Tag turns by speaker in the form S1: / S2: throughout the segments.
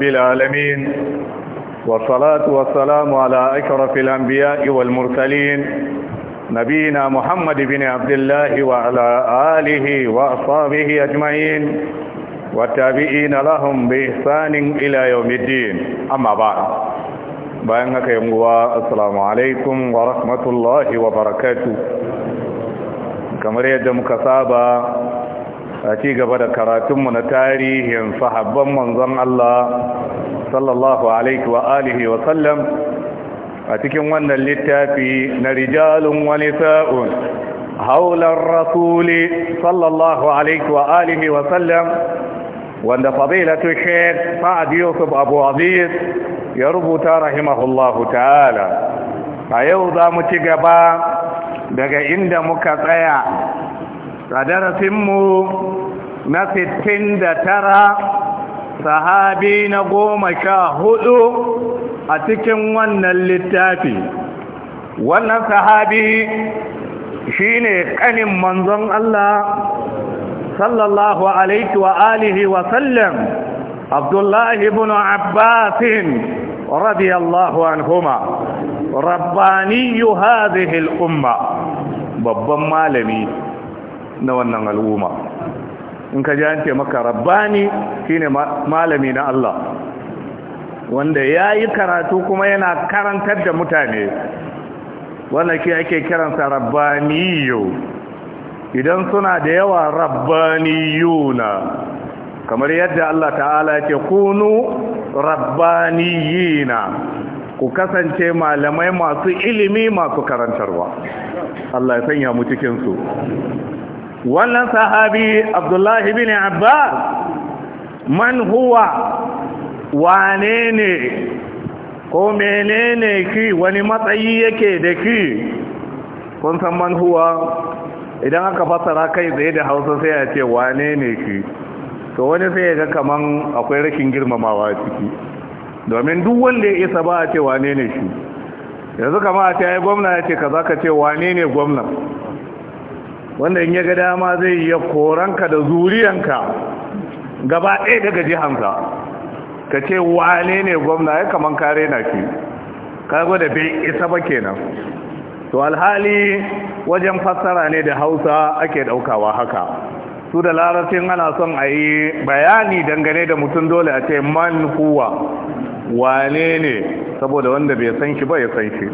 S1: بالعالمين والصلاة والسلام على أشرف الأنبياء والمرسلين نبينا محمد بن عبد الله وعلى آله وأصحابه أجمعين والتابعين لهم بإحسان إلى يوم الدين أما بعد بأنك يمغوى السلام عليكم ورحمة الله وبركاته كما يدمك صابا a ci gaba da karatunmu na tarihin sahabban manzon Allah sallallahu alaihi wa alihi wa sallam a cikin wannan littafi na rijalun wani sa'un haular rasuli sallallahu alaihi wa alihi wa sallam wanda fadilatu sheikh sa'ad yusuf abu aziz ya rubuta rahimahullahu ta'ala a yau za mu ci gaba daga inda muka tsaya a darasinmu na sittin da tara, sahabi na goma sha hudu a cikin wannan littafi wannan sahabi shi ne ƙanin manzon Allah sallallahu alaihi wa alihi wa sallam abdullahi ibn abbasin رضي anhuma. عنهما رباني هذه الأمة babban malami na wannan al'umma in ka ji an ce maka rabbani shine malami na Allah wanda yayi karatu kuma yana karantar da mutane wannan shi ake kiransa rabbaniyo idan suna da yawa rabbaniyuna kamar yadda Allah ta'ala ke kunu rabbaniyina ku kasance malamai masu ilimi masu karantarwa Allah ya sanya mu cikinsu wannan sahabi abdullahi bin abbas man huwa wane ne ko menene ki wani matsayi yake da ki kun san man huwa idan aka fassara kai tsaye da hausa sai a ce wane ne ki to wani sai ga kaman akwai rashin girmamawa ciki domin duk wanda ya isa ba a ce wane ne shi yanzu kama a ce ai gwamna ya ce kaza ka ce wane ne gwamna wanda in ya ga dama zai iya koranka da zuriyanka gaba ɗaya daga jihansa ka ce wane ne gwamna ya kaman kare na ke kago da bai isa ba kenan to alhali wajen fassara ne da hausa ake ɗaukawa haka su da Larasin ana son a yi bayani dangane da mutum dole a ce man kuwa wane ne saboda wanda bai san shi ba ya san shi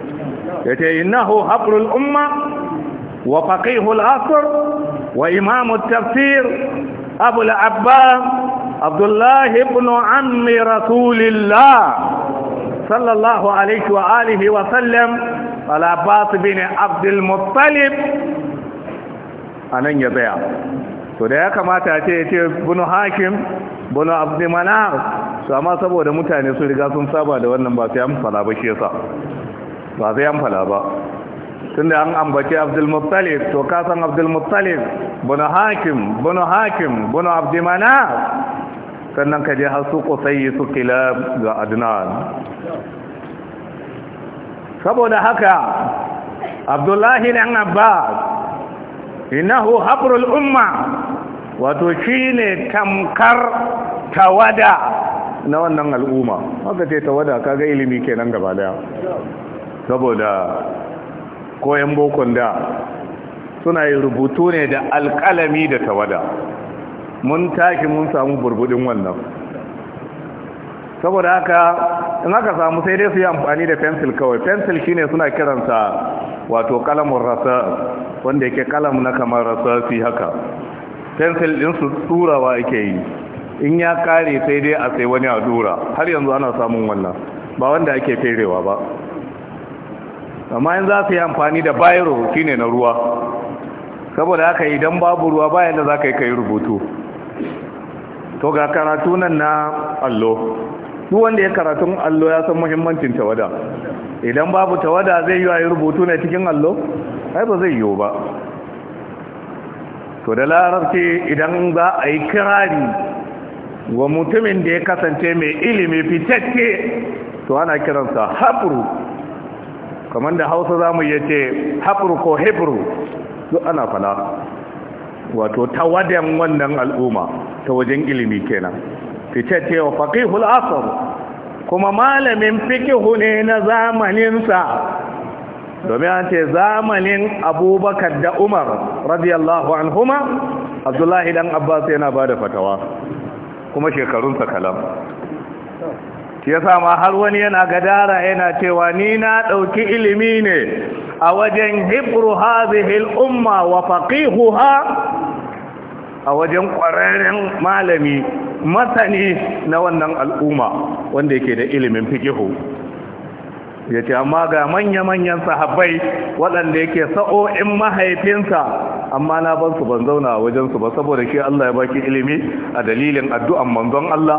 S1: ya ce ho haƙurul umma وفقيه العصر وإمام التفسير أبو Tafsir عبد الله بن عم رسول الله صلى الله عليه وآله وسلم العباس بن عبد المطلب anan ya tsaya to da ya kamata ce ya ce bunu hakim bunu abdimanar su saboda mutane su riga sun saba da wannan ba sai ba ba tunda an ambaci abdulmuttalib to ka san abdulmuttalib bunu hakim bunu hakim bunu abdimana sannan ka je har su kusayi su kila ga adnan saboda haka abdullahi an Abba, innahu habrul umma wato shine tamkar tawada na wannan al'umma haka ce tawada kaga ilimi kenan gaba daya saboda ko yan bokon da suna yi rubutu ne da alkalami da tawada mun taki mun samu burbudin wannan saboda haka in aka samu sai dai su yi amfani da fensil kawai fensil shine suna kiransa wato kalamun rasa wanda yake kalam na kamar rasa su haka fensil din su turawa ake yi in ya kare sai dai a sai wani a dura har yanzu ana samun wannan ba wanda ake ferewa ba amma yin za su yi amfani da bayro ne na ruwa saboda aka yi idan babu ruwa bayan da za ka yi ka yi rubutu to ga karatu nan na allo duk wanda ya karatun allo ya san muhimmancin tawada idan babu tawada zai yi wa yi rubutu na cikin allo ai ba zai yiwu ba to da larabci idan za a yi kirari wa mutumin da ya kasance mai ilimi fitacce to ana kiransa haɓuru kamar da hausa za mu yace hafru ko hebru duk ana fala wato wadan wannan al'umma ta wajen ilimi kenan fi ce wa faqihul asr kuma malamin fikihu ne na zamaninsa domin an ce zamanin abubakar da umar radiyallahu anhuma abdullahi dan abbas yana bada fatawa kuma shekarunsa kalam shi yasa ma har wani yana gadara yana cewa ni na ɗauki ilimi ne a wajen hibru hazihil umma wa faqihuha a wajen ƙwararren malami masani na wannan al'umma wanda yake da ilimin fiqihu ya ce amma ga manya-manyan sahabbai waɗanda yake sa'o in mahaifinsa amma na ban su ban zauna wajensu ba saboda shi Allah ya baki ilimi a dalilin addu'an manzon Allah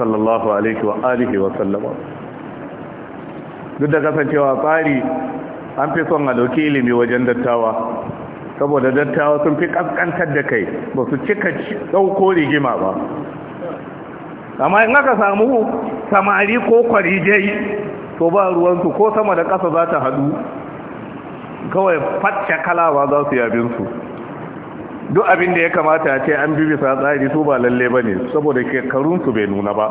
S1: sallallahu alaihi wa alihi wa sallama duk da kasancewa tsari an fi son a dauki ilimi wajen dattawa saboda dattawa sun fi kaskantar da kai ba su cika ɗauko rigima ba amma in aka samu samari ko kwarijai to ba ruwansu ko sama da ƙasa za ta hadu kawai fatce kalawa za su yabinsu duk abin da ya kamata ce an bi bisa tsari su ba lalle ba ne saboda shekarunsu bai nuna ba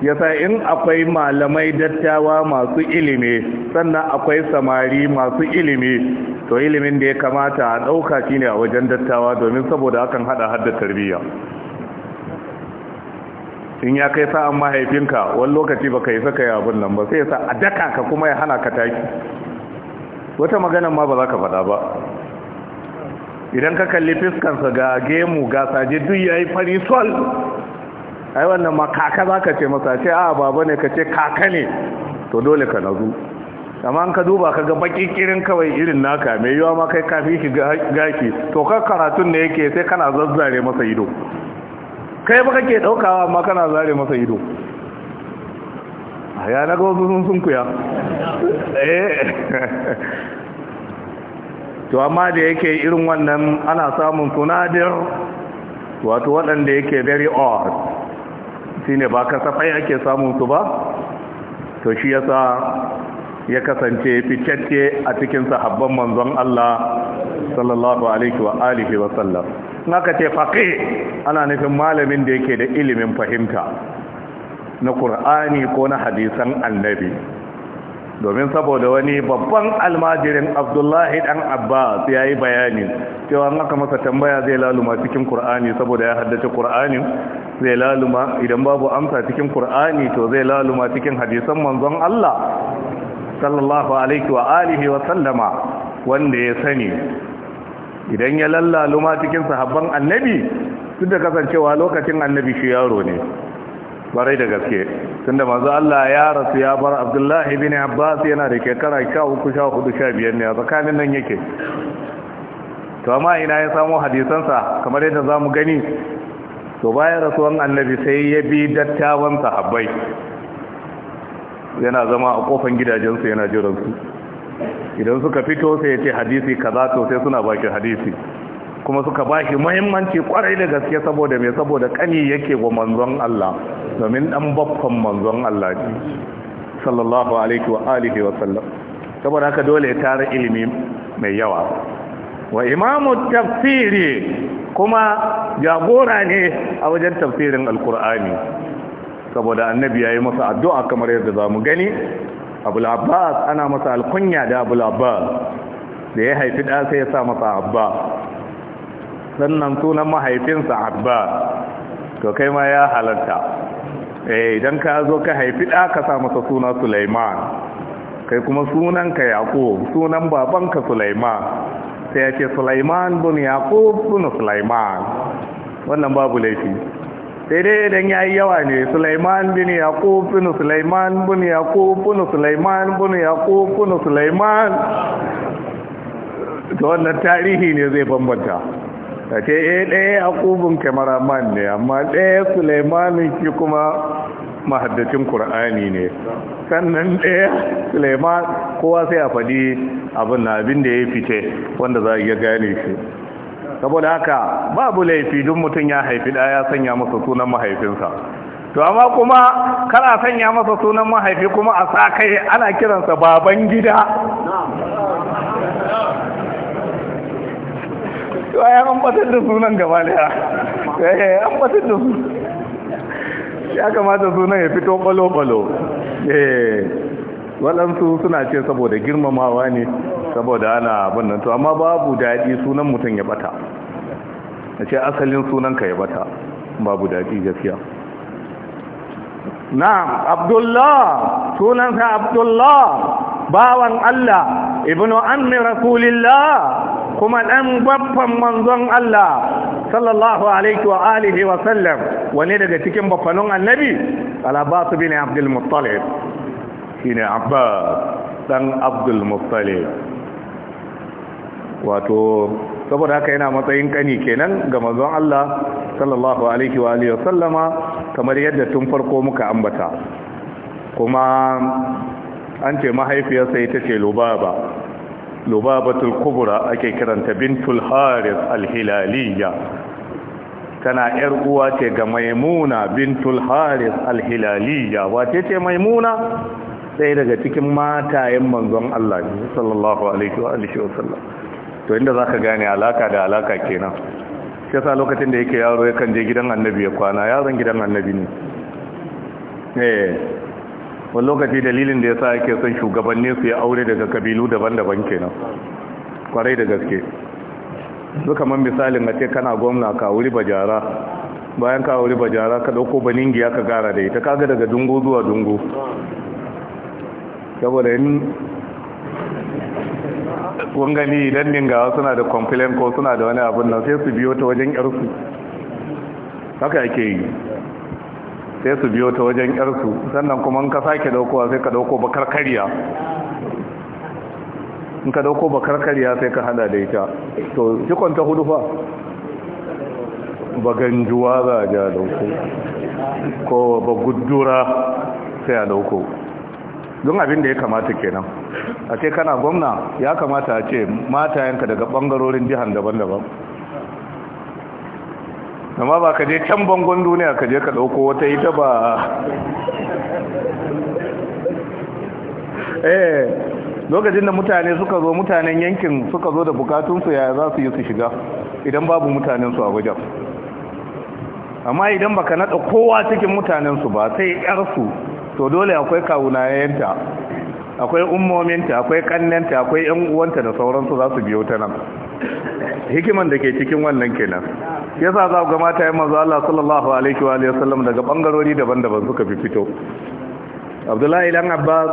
S1: Ya yasa in akwai malamai dattawa masu ilimi sannan akwai samari masu ilimi to ilimin da ya kamata a ɗauka ne a wajen dattawa domin saboda hakan haɗa haddar tarbiyya in ya kai sa'an mahaifinka wani lokaci ba ka yi saka yabin nan ba sai ya sa a daka ka kuma ya hana ka taki wata maganan ma ba za ka faɗa ba idan ka kalli fiskansa ga gemu ga saje duk ya yi fari sol ai wannan ma kaka za ka ce masa ce a baba ne ka ce kaka ne to dole ka nazu amma an ka duba ka ga bakikirin kawai irin naka mai yiwa ma kai kafin shi gaki to karatun ne yake sai kana zazzare masa ido kai baka kake daukawa amma kana zare masa ido ya na wasu sun sun kuya eh. to amma da yake irin wannan ana samun tunadir wato waɗanda yake very odd shi ne ba kasafai ake samun su ba to shi yasa ya kasance fitacce a cikin sahabban manzon Allah sallallahu alaihi wa alihi wa sallam naka ce faqih ana nufin malamin da yake da ilimin fahimta na Qur'ani ko na hadisan Annabi domin saboda wani babban almajirin Abdullahi dan Abbas yayi bayani cewa an aka masa tambaya zai laluma cikin Qur'ani saboda ya haddace Qur'ani zai laluma idan babu amsa cikin Qur'ani to zai laluma cikin hadisan manzon Allah sallallahu alaihi wa alihi wa sallama wanda ya sani idan ya lallalu ma cikin sahabban annabi duk da kasancewa lokacin annabi shi yaro ne barai da gaske tunda manzo Allah ya rasu ya bar Abdullahi bin Abbas yana da kekara 13 ne a tsakanin nan yake to amma ina ya samu hadisansa kamar yadda zamu gani to bayan rasuwan annabi sai ya bi dattawan sahabbai yana zama a kofan gidajensu yana jiransu idan suka fito sai ya ce hadisi kaza to sai suna baki hadisi kuma suka baki muhimmanci kwarai da gaske saboda mai saboda kani yake wa manzon Allah domin dan babban manzon Allah ne sallallahu alaihi wa alihi wa sallam saboda haka dole ya tara ilimi mai yawa wa imamu tafsiri kuma jagora ne a wajen tafsirin alkur'ani saboda annabi ya yi masa addu'a kamar yadda za mu gani abu ana masa alkunya da abu labbas da ya haifi ɗa sai ya sa masa abba sannan sunan mahaifinsa abba to kai ma ya Eh, idan ka zo ka haifi ɗa ka sa masa suna sulaiman kai kuma sunan ka yaƙo sunan babanka sulaiman sai ya ce sulaiman bin yaƙo suna sulaiman wannan babu laifi sai dai idan ya yi yawa ne sulaiman bin yaqub bin sulaiman bin yaqub bin sulaiman bin yaqub bin sulaiman to wannan tarihi ne zai bambanta ta ce eh ɗaya yaqubun kamaraman ne amma ɗaya sulaimanin shi kuma mahaddacin Kur'ani ne sannan ɗaya sulaiman kowa sai a faɗi abin abin da ya fice wanda za a iya gane shi saboda haka babu laifi duk mutum ya haifi ɗaya ya sanya masa sunan mahaifinsa to amma kuma kana sanya masa sunan mahaifi kuma a sa kai ana kiransa baban gida to ya an batar da sunan gaba
S2: eh
S1: an batar da ya kamata sunan ya fito kwalo-kwalo eh waɗansu suna ce saboda girmamawa ne saboda ana abin nan to amma babu daɗi sunan mutum ya bata a ce asalin sunanka ya bata babu daɗi gaskiya na'am abdullah sunansa abdullah bawan Allah ibnu ammi rasulillah kuma dan babban manzon Allah sallallahu alaihi wa alihi wa sallam wani daga cikin bafanin annabi ala basu bin abdul muttalib shine Abba dan abdul muttalib wato saboda haka yana matsayin kani kenan ga mazan Allah sallallahu alaihi wa alihi sallama kamar yadda tun farko muka ambata kuma an ce mahaifiyarsa ita ce lubaba lubabatul kubra ake kiranta bintul haris al tana yar uwa ce ga maimuna bintul haris al-hilaliya wace ce maimuna sai daga cikin matayen manzon Allah sallallahu alaihi wa alihi wa sallam to inda za ka gane alaka da alaka kenan shi sa lokacin da yake yaro ya kan je gidan annabi ya kwana yaron gidan annabi ne eh wani lokaci dalilin da ya sa yake son shugabanni su ya aure daga kabilu daban-daban kenan kwarai da gaske su kamar misalin a ce kana gwamna ka wuri bajara bayan ka wuri bajara ka dauko baningiya ka gara da ita kaga daga dungu zuwa dungu saboda yin kun gani idan dingawa suna da complain ko suna da wani abin nan sai su biyo ta wajen ƴarsu, haka yake yi sai su biyo ta wajen ƴarsu, sannan kuma ka sake daukowa sai ka dauko bakar kariya in ka dauko bakar kariya sai ka hada da ita to shi ta hudu fa ba ganjuwa za a ja dauko ko ba guddura sai a dauko don abin da ya kamata kenan a ce kana gwamna ya kamata a ce mata yanka daga bangarorin jihar daban-daban amma ba ka je can bangon duniya ka je ka dauko wata ita ba eh lokacin da mutane suka zo mutanen yankin suka zo da bukatunsu yaya za su yi su shiga idan babu mutanensu a wajen amma idan baka nada kowa cikin mutanensu ba sai yarsu to dole akwai kawunayenta akwai ummominta akwai kannenta akwai yan uwanta da sauransu za su biyo ta nan hikiman da ke cikin wannan kenan yasa za ga mata yan manzo Allah sallallahu alaihi wa alihi daga bangarori daban-daban suka fi fito Abdullahi dan Abbas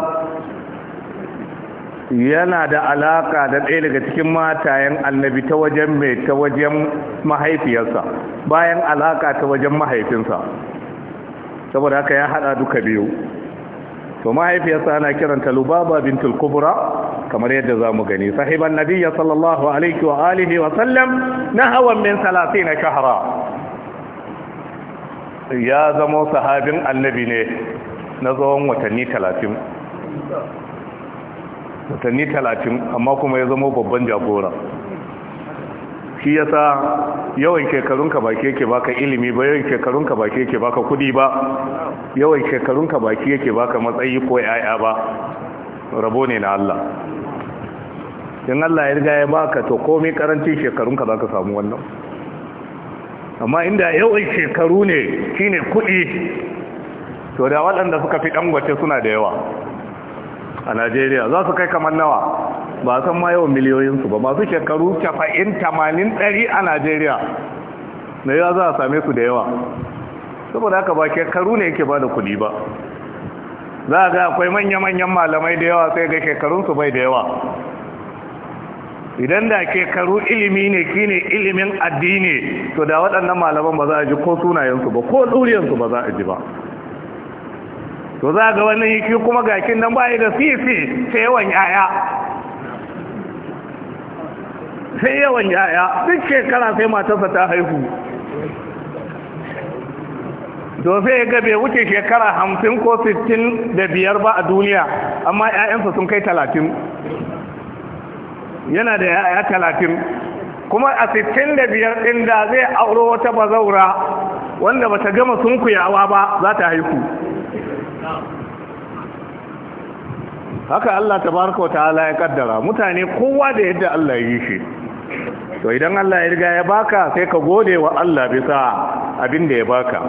S1: yana da alaka da ɗaya daga cikin matayen annabi ta wajen mai ta wajen mahaifiyarsa bayan alaka ta wajen mahaifinsa saboda haka ya hada duka biyu to mahaifiyarsa ana kiranta lubaba bintul kubra kamar yadda za mu gani sahiban nabiya sallallahu alaihi wa alihi wa sallam nahawan min 30 shahra ya zama sahabin annabi ne na tsawon watanni 30 watanni 30 amma kuma ya zama babban jagora shi yasa yawan shekarunka baki yake baka ilimi ba yawan shekarunka baki yake baka kudi ba yawan shekarunka baki yake baka matsayi ko yaya ba rabo ne na Allah in Allah ya riga ya baka to komai karanci shekarunka zaka samu wannan amma inda yawan shekaru ne shine kudi to da waɗanda suka fi dangwace suna da yawa a najeriya za su kai kamar nawa ba san ma yawan miliyoyinsu ba masu shekaru 90 a najeriya na yawa za a same su da yawa saboda haka ba shekaru ne yake ba da kudi ba za a ga akwai manya-manyan malamai da yawa sai ga shekarunsu bai da yawa idan da shekaru ilimi ne ne ilimin addini to da waɗannan malaman ba za a ji ko sunayensu ba ko ɗuriyensu ba za a ji ba to za ga wani shi kuma gashin nan bayi da fifi sai yawan yaya
S2: sai yawan yaya duk shekara sai
S1: matarsa ta haihu
S2: to sai ga bai wuce
S1: shekara hamsin ko sittin da biyar ba a duniya amma 'ya'yansa sun kai talatin yana da 'ya'ya talatin kuma a sittin da biyar ɗin da zai auro wata bazaura wanda bata gama sunkuyawa ba za ta haihu haka Allah tabaraka wa ta'ala ya kaddara mutane kowa da yadda Allah ya yi shi to idan Allah ya riga ya baka sai ka gode wa Allah bisa abinda ya baka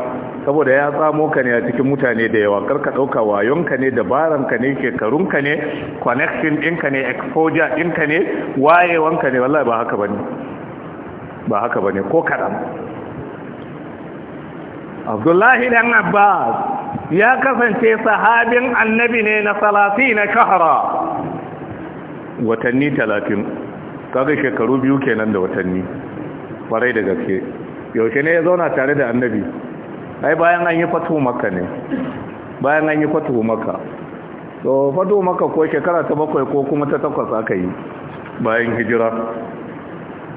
S1: saboda ya tsamo ka ne a cikin mutane da yawa karka dauka wayonka ne dabaranka ne shekarunka ne connection ɗinka ne exposure ɗinka ne wayewanka ne wallahi ba haka bane ba haka bane ko karam Abdullahi dan Abbas ya kasance sahabin annabi ne na salati na shahara watanni talatin kaga shekaru biyu kenan da watanni kwarai da gaske yaushe ne ya zauna tare da annabi ai bayan an yi fatu maka ne bayan an yi fatu maka to fatu maka ko shekara ta bakwai ko kuma ta takwas aka yi bayan hijira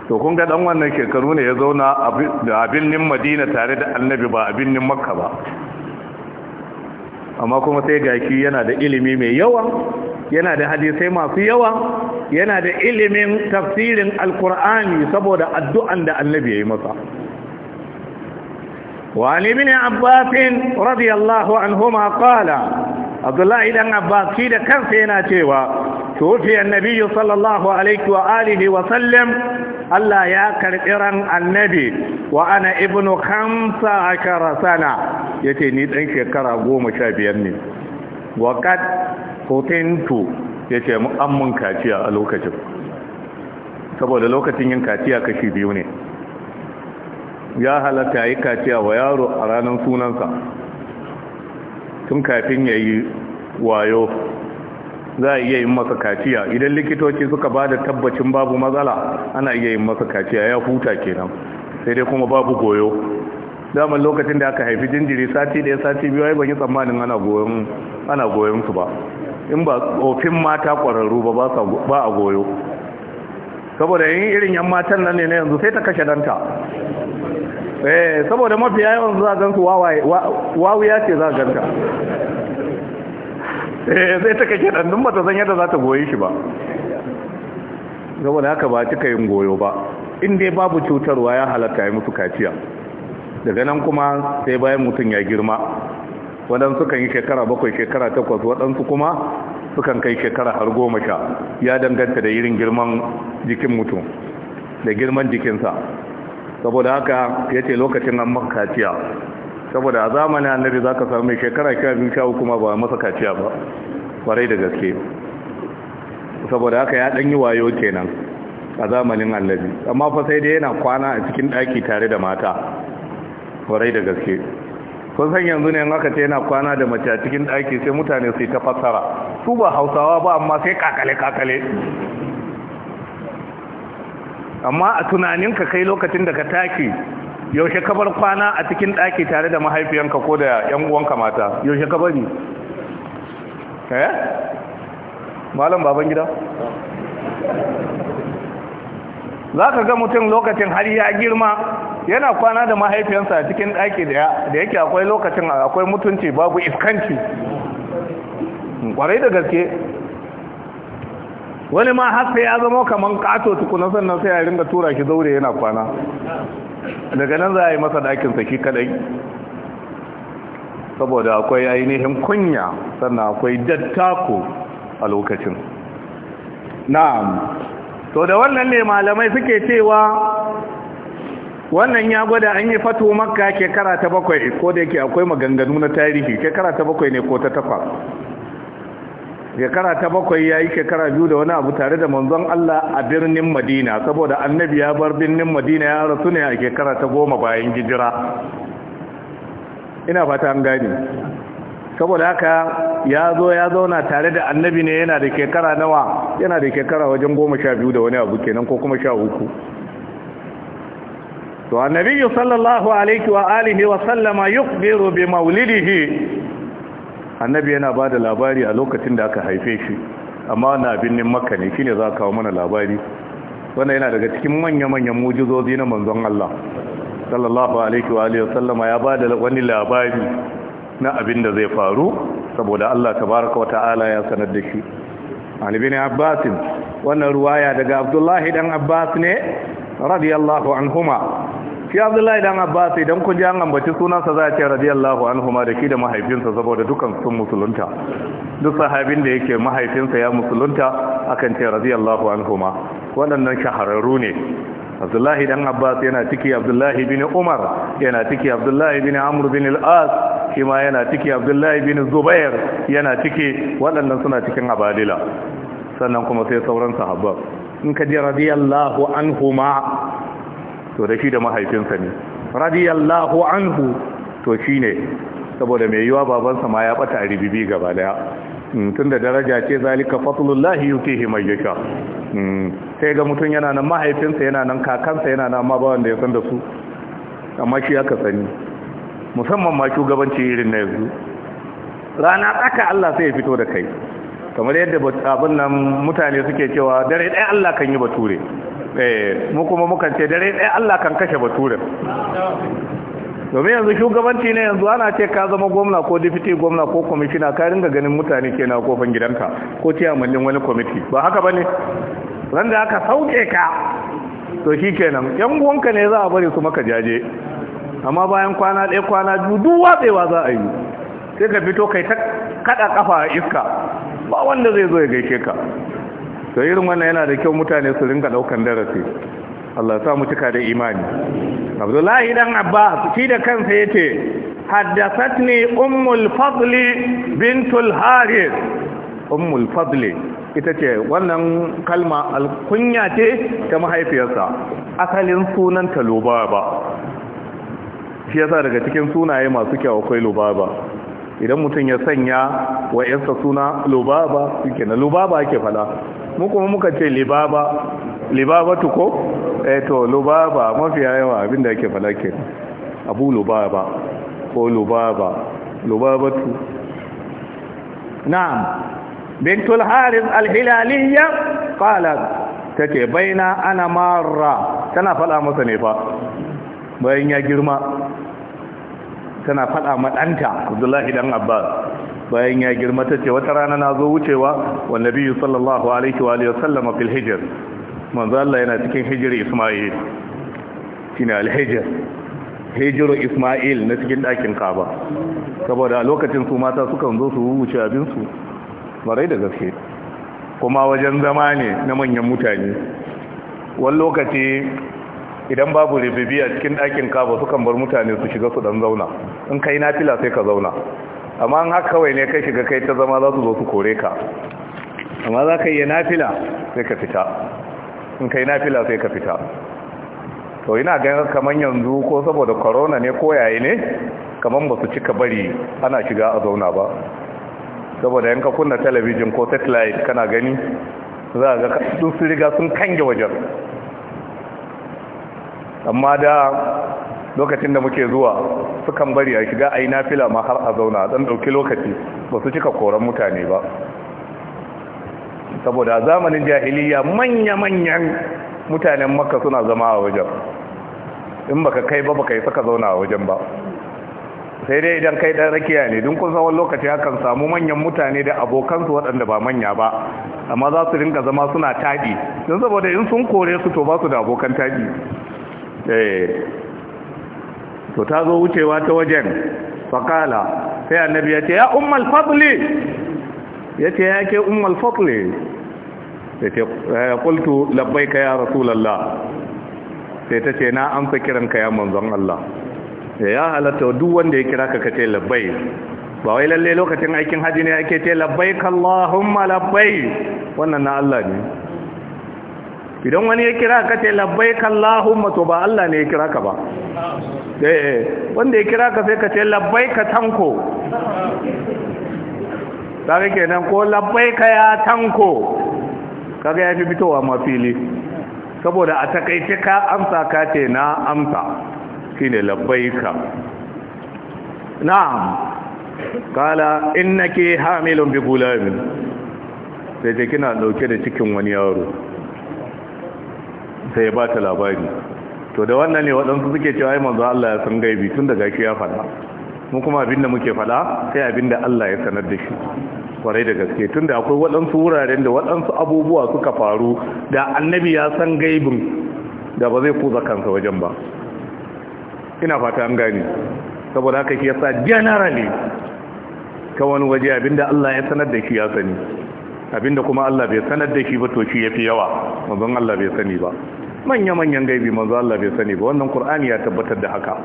S1: to kun ga dan wannan shekaru ne ya zauna da abinnin madina tare da annabi ba abinnin makka ba amma kuma sai gaki yana da ilimi mai yawa yana da hadisai masu yawa yana da ilimin tafsirin alkur'ani saboda addu'an da annabi ya yi masa وعن ابن عباس رضي الله عنهما قال عبد الله بن عباس كيد كان سينا تيوا توفي النبي صلى الله عليه وآله وسلم الله يا كرقرا النبي وأنا ابن خمسة عشر سنة يتي نيد أن شكرا قوم شابيني وقد فتنت يتي أمن كاتيا الوكتب saboda lokacin yin kaciya kashi biyu ne ya halatta yi kaciya wa yaro a ranar sunansa tun kafin ya yi wayo za a iya yin masa kaciya idan likitoci suka ba da tabbacin babu matsala ana iya yin masa kaciya ya huta kenan sai dai kuma babu goyo daman lokacin da aka haifi jinjiri sati ɗaya sati biyu ai ban yi tsammanin ana goyon su ba in ba tsofin mata ƙwararru ba ba a goyo saboda yin irin yan matan nan ne na yanzu sai ta kashe danta eh saboda mafi yawan za a gansu, wawu ya ce za a ganta. eh sai ta kake dan dun bata yadda za ta goyi shi ba da haka ba cika yin goyo ba inda ya babu cutarwa ya halatta ya musu kaciya daga nan kuma sai bayan mutum ya girma waɗansu kan yi shekara bakwai shekara takwas waɗansu kuma sukan kai shekara har goma sha ya danganta da irin girman jikin mutum da girman jikinsa saboda haka ya ce lokacin an maka kaciya saboda a zamanin annabi za ka samu mai shekara kira biyu sha kuma ba masa kaciya ba kwarai da gaske saboda haka ya ɗanyi wayo kenan a zamanin annabi amma fa sai dai yana kwana a cikin ɗaki tare da mata kwarai da gaske kun san yanzu ne aka ce yana kwana da mace a cikin ɗaki sai mutane su yi ta fassara su ba hausawa ba amma sai kakale kakale amma a tunaninka kai lokacin da ka take yaushe ka bar kwana a cikin daki tare da mahaifiyanka ko da yan uwanka mata yaushe ka bari eh malam baban gida za ka ga mutum lokacin har ya girma yana kwana da mahaifiyansa a cikin da da yake akwai lokacin akwai mutunci babu iskanci kwarai da gaske wani ma har sai ya zama kamar kato tukuna sannan sai ya ringa tura ki zaure yana kwana daga nan za a yi masa dakin saki kadai saboda akwai ainihin kunya sannan akwai dattako a lokacin na'am to da wannan ne malamai suke cewa wannan ya gwada an yi fato makka kekara ta bakwai ko da yake akwai maganganu na tarihi kekara ta bakwai ne ko ta takwas shekara ta bakwai ya yi shekara biyu da wani abu tare da manzon Allah a birnin Madina saboda annabi ya bar birnin Madina ya rasu ne a shekara ta goma bayan gijira. ina fata an gani saboda haka ya zo ya zauna tare da annabi ne yana da shekara nawa yana da shekara wajen goma sha biyu da wani abu kenan ko kuma sha uku to annabi sallallahu alaihi wa alihi wa sallama yukhbiru bi maulidihi annabi yana ba da labari a lokacin da aka haife shi amma na binnin makka ne shine za kawo mana labari wannan yana daga cikin manya-manyan mujizozi na manzon Allah sallallahu alaihi wa alihi wasallama ya ba da wani labari na abin da zai faru saboda Allah tabaraka wata'ala ya sanar da shi an Abbasin Abbas wannan ruwaya daga Abdullahi dan Abbas ne radiyallahu anhuma shi abdullahi dan abbas idan kun ji an ambaci sunansa za a ce radiyallahu anhuma da ki da mahaifinsa saboda dukkan sun musulunta duk sahabin da yake mahaifinsa ya musulunta akan ce radiyallahu anhuma waɗannan shahararru ne abdullahi dan abbas yana ciki abdullahi bin umar yana ciki abdullahi bin amr bin al-as shi ma yana ciki abdullahi bin zubair yana ciki waɗannan suna cikin abadila sannan kuma sai sauran sahabba in ka ji radiyallahu anhuma to da shi da mahaifinsa ne radiyallahu anhu to shi ne. saboda mai yiwa babansa ma ya bata ribibi gaba daya mm, tunda daraja ce zalika fatulullahi yutihi mai yasha mm, sai ga mutum yana nan mahaifinsa yana nan kakansa yana nan ma ba wanda ya san da su amma shi aka sani musamman ma shugabanci irin na yanzu rana tsaka Allah sai ya fito da kai kamar yadda abin nan mutane suke cewa dare ɗaya Allah kan yi bature Eh, mu kuma mukan ce dare ɗaya Allah kan kashe baturin domin yanzu shugabanci ne yanzu ana ce ka zama gwamna ko dipiti gwamna ko kwamishina ka ringa ganin mutane ke na kofin gidanka ko ciyar mallin wani kwamiti ba haka ba ne da aka sauke ka to shi kenan yan gwanka ne za a bari su maka jaje amma bayan kwana ɗaya kwana biyu duk watsewa za a yi sai ka fito kai ta kada kafa iska ba wanda zai zo ya gaishe ka to irin wannan yana da kyau mutane su ringa daukan darasi Allah ya sa mu cika da imani Abdullahi dan Abbas shi da kansa yace haddathatni ummul fadli bintul haris ummul fadli ita ce wannan kalma alkunya ce ta mahaifiyarsa asalin sunanta ta lubaba shi yasa daga cikin sunaye masu kyau akwai lubaba idan mutum ya sanya wa yarsa suna lubaba yake na lubaba ake fada mu kuma muka ce libaba tu ko eh to lubaba mafi yawa abinda yake falake kenan abu lubaba ko lubaba lubabatu na'am bintul Haris al qala qalat tace baina ana marra tana fada masa ne fa bayan ya girma tana fada ma danta Abdullahi dan Abbas bayan ya girma ta ce wata rana na zo wucewa wa nabi sallallahu alaihi wa alihi wasallam fil hijr manzo Allah yana cikin hijri Isma'il Kina al hijr hijru Isma'il na cikin dakin kaba. saboda a lokacin su mata sukan zo su wuce abin su barai da gaske kuma wajen zama ne na manyan mutane wani lokaci idan babu ribibi a cikin ɗakin kaba sukan bar mutane su shiga su dan zauna in kai na fila sai ka zauna amma an haka kawai ne kai shiga kai ta zama za su zo su kore ka amma za ka yi nafila sai ka fita in ka na nafila sai ka fita to ina ganin kamar yanzu ko saboda korona ne ko yayi ne kamar ba su cika bari ana shiga a zauna ba saboda yanka kunna talabijin ko satellite kana gani za ga duk riga sun kange wajen amma da lokacin da muke zuwa sukan bari a shiga a yi nafila ma har a zauna a ɗan ɗauki lokaci ba su cika koran mutane ba saboda zamanin jahiliya manya-manyan mutanen makka suna zama a wajen in baka kai ba baka yi saka zauna a wajen ba sai dai idan kai dan rakiya ne dun kun wani lokaci akan samu manyan mutane da abokansu waɗanda ba manya ba amma za su rinka zama suna taɗi don saboda in sun kore su to ba su da abokan taɗi eh. to ta zo wucewa ta wajen fakala sai annabi ya ce ya ummal fadli ya ce ya ke ummal fadli ya ce kultu eh, ka ya rasulallah sai ta ce na amsa kiranka ya manzon Allah ya halatta duk wanda ya kira ka ka ce labbai ba wai lalle lokacin aikin haji ne ake ce labbai Allahumma labbai wannan na Allah ne idan wani ya kira ka ce labbai Allahumma mato ba Allah ne ya kira ka ba eh, eh wanda ya kira ka sai ka ce ka tanko kaga kenan ko ka ya tanko kaga ya fi fitowa ma fili saboda a takaice ka amsa ka ce na amsa labbai ka. na'am kala innaki hamilun bi gulamin sai ce kina ɗauke da cikin wani yaro sai ya bata labari to da wannan ne waɗansu suke cewa ai manzo Allah ya san gaibi tun daga shi ya faɗa mu kuma abinda muke faɗa sai abinda Allah ya sanar da shi kwarai da gaske tun da akwai waɗansu wuraren da waɗansu abubuwa suka faru da annabi ya san gaibin da ba zai kuza kansa wajen ba ina fata an gani saboda haka shi yasa generally ta wani waje abinda Allah ya sanar da shi ya sani abinda kuma Allah bai sanar da shi ba to shi yafi yawa manzon Allah bai sani ba manya manyan gaibi manzon Allah bai sani ba wannan Qur'ani ya tabbatar da haka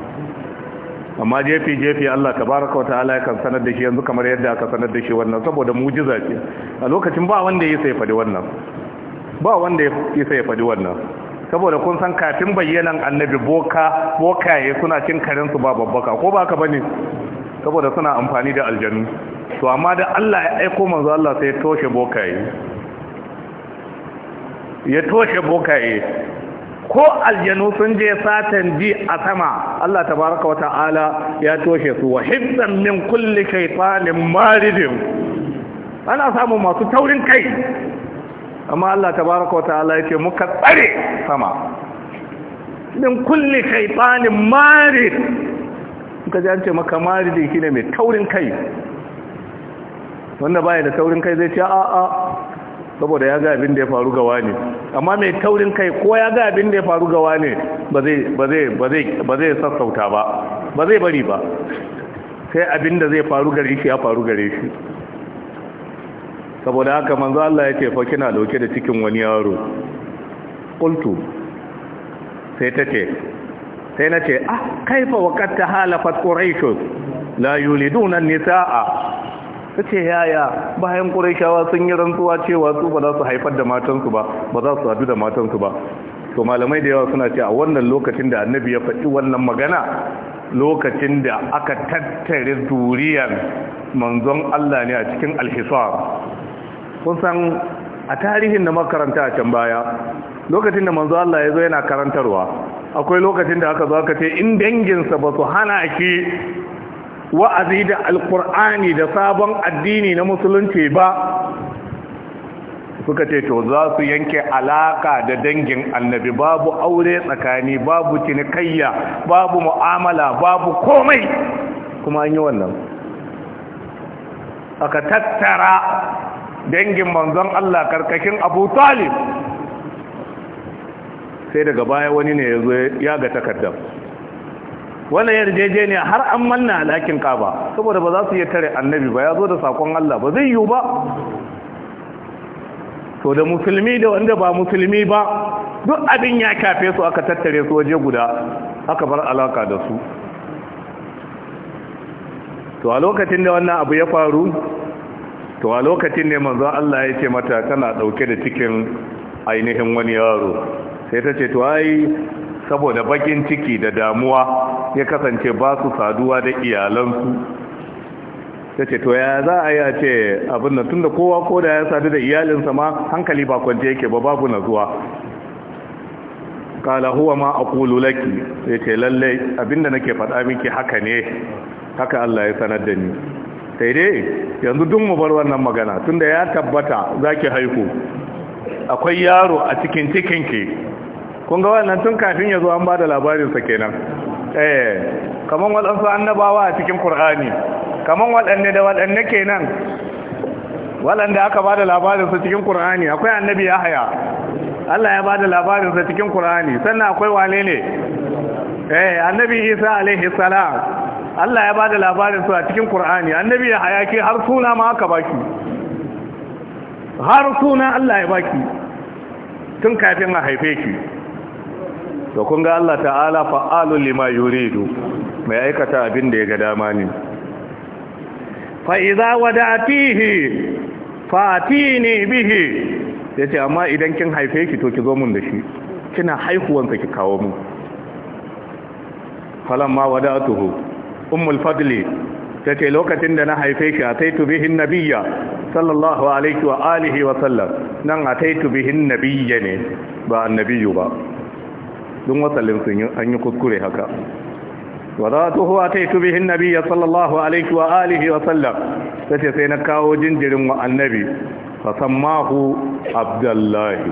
S1: amma jefi jefi Allah tabaraka ta'ala ya kan sanar da shi yanzu kamar yadda aka sanar da shi wannan saboda mu'jiza ce a lokacin ba wanda ya sai fadi wannan ba wanda ya sai fadi wannan saboda kun san kafin bayyanan annabi boka bokaye suna cin su ba babbaka ko ba ka bane saboda suna amfani da aljanu to amma da Allah ya aiko manzo Allah sai ya toshe bokaye ya toshe bokaye ko aljanu sun je satan ji a sama Allah tabaraka wa ta'ala ya toshe su wa hibban min kulli shaytanin maridin ana samu masu taurin kai amma Allah tabaraka wa ta'ala yake muka tsare sama min kulli shaytanin marid kaje an ce maka maridin shine mai taurin kai wanda baya da taurin kai zai ce a a saboda ya ga abin da ya faru gawa ne amma mai taurin kai ko ya ga abin da ya faru gawa ne ba zai sassauta ba ba zai bari ba sai abin da zai faru gare shi ya faru gare shi saboda haka manzo Allah ya ce fa kina dauke da cikin wani yaro qultu sai ta ce sai na ce ah kaifa waqatta halafat quraish la yuliduna nisaa ta ce yaya bayan shawa sun yi rantsuwa cewa su ba za su haifar da matansu ba ba za su haɗu da matansu ba to malamai da yawa suna ce a wannan lokacin da annabi ya faɗi wannan magana lokacin da aka tattare duriyar manzon Allah ne a cikin alhisar kun san a tarihin da makaranta a can baya lokacin da manzo Allah ya zo yana karantarwa akwai lokacin da aka zo aka ce in danginsa ba su hana shi. wa'azi da alkur'ani da sabon addini na musulunci ba suka ce to za su yanke alaka da dangin annabi babu aure tsakani babu cinikayya babu mu'amala babu komai kuma an yi wannan aka tattara dangin manzon Allah karkashin abu talib sai daga baya wani ne ya ya ga takardar Wani yarjejeniya har an manna alhakin kaba saboda ba za su iya tare annabi ba ya zo da sakon Allah ba zai yiwu ba to da musulmi da wanda ba musulmi ba duk abin ya kafe su aka tattare su waje guda aka bar alaka da su to a lokacin da wannan abu ya faru to a lokacin ne manzo Allah ya ce mata tana dauke da cikin ainihin wani yaro sai ta ce to ai saboda bakin ciki da damuwa ya kasance ba su saduwa da iyalansu ta ce to ya za a yi a ce abin da tun da kowa ko da ya sadu da iyalinsa ma hankali ba yake ba babu na zuwa kala huwa ma a laki ya ce lallai abinda nake faɗa miki haka ne haka Allah ya sanar da ni sai dai yanzu duk mu bar wannan magana tunda ya tabbata zaki haihu akwai yaro a cikin cikinki kun ga wannan tun kafin ya zo an ba da labarinsa kenan eh kaman waɗansu annabawa a cikin Kur'ani kaman waɗanne da waɗanne kenan waɗanda aka ba da labarin su cikin Kur'ani akwai annabi Yahaya Allah ya ba da labarin sa cikin Kur'ani sannan akwai wane ne eh annabi Isa alaihi salam Allah ya ba da labarin a cikin Kur'ani annabi Yahaya ke har suna ma aka baki har suna Allah ya baki tun kafin a haife ki to kun ga Allah ta'ala fa'alul lima yuridu mai aikata abin da ya ga dama ne fa idza wada'tihi ne bihi yace amma idan kin haife ki to ki zo mun da shi kina haihuwanka ki kawo mu falamma wada'tuhu ummul fadli ta ce lokacin da na haife shi a taitu bihin nabiya sallallahu alaihi wa alihi wa sallam nan a taitu bihin nabiya ne ba annabiyu ba dun wasallin sun an yi kuskure haka wa za ta huwa ta yi tubihin nabiya sallallahu alaihi wa alihi wa sallam ta ce sai na kawo jinjirin wa annabi fa sammahu abdullahi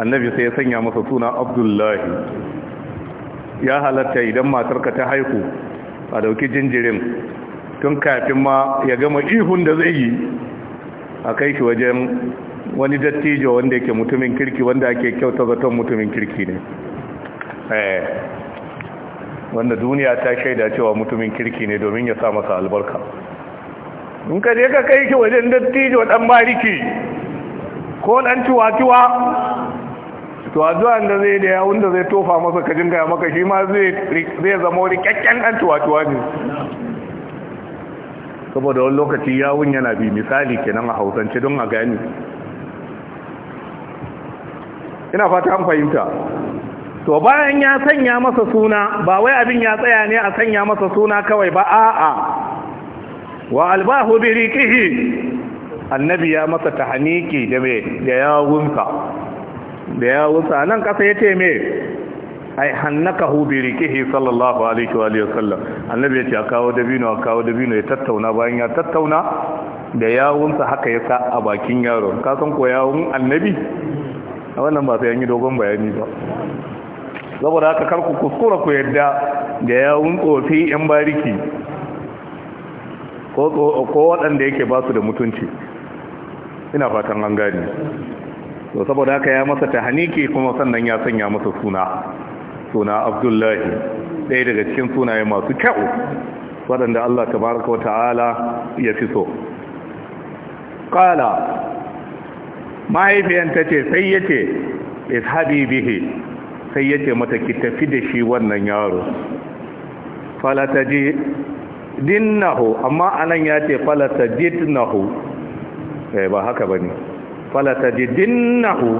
S1: annabi sai ya sanya masa suna abdullahi ya halatta idan matar ka ta haihu a dauki jinjirin tun kafin ma ya gama ihun da zai yi a kai shi wajen wani dattijo wanda yake mutumin kirki wanda ake kyauta zaton mutumin kirki ne Eh. wanda duniya ta shaida cewa mutumin kirki ne domin ya sa masa albarka in ka je ka kai ki wajen dattijo dan bariki ko dan ciwa-ciwa to zuwa da zai da yawun da zai tofa masa kajin gaya maka shi ma zai zama wani kyakken dan ciwa-ciwa ne saboda wani lokaci yawun yana bi misali kenan a hausance don a gani ina fata an fahimta to bayan ya sanya masa suna ba wai abin ya tsaya ne a sanya masa suna kawai ba a'a wa albahu bi riqihi annabi ya masa tahniki da me da yawunsa da yawunsa nan kasa yace me ai hannakahu bi riqihi sallallahu alaihi wa alihi annabi yace a kawo dabino a kawo dabino ya tattauna bayan ya tattauna da yawunsa haka ya sa a bakin yaron kasan ko yawun annabi a wannan ba sai an yi dogon bayani ba saboda haka kar ku kuskura ku yadda da yawun tsofi yan bariki ko waɗanda yake ba su da mutunci ina fatan an gani So saboda haka ya masa tahaniki kuma sannan ya sanya masa suna suna abdullahi ɗaya daga cikin sunaye masu kyau waɗanda Allah tabaraka wa ta'ala ya fi so ƙala mahaifiyan ce sai yace is ishabi bihi sai ya ce mata ki tafi da shi wannan yaro falata amma anan ya ce falata jidnahu eh ba haka bane falata jidinnahu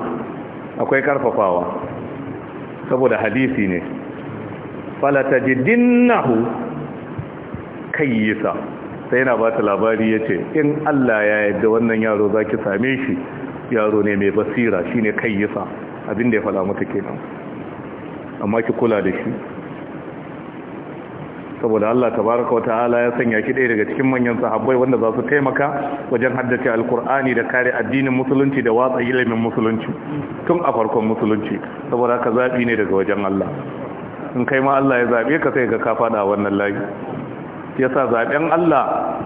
S1: akwai karfafawa saboda hadisi ne kai yi kayyisa sai yana ba ta labari ya ce in Allah ya yadda wannan yaro za ki same shi yaro ne mai basira shine kayyisa abin da ya fada mata kenan amma ki kula da shi saboda Allah tabaraka wata'ala ya sanya ki ɗaya daga cikin manyan sahabbai wanda za su taimaka wajen haddace alkur'ani da kare addinin musulunci da watsa ilimin musulunci tun a farkon musulunci saboda ka zaɓi ne daga wajen Allah in kai ma Allah ya zaɓe ka sai ka kafa faɗa wannan layi yasa zaben Allah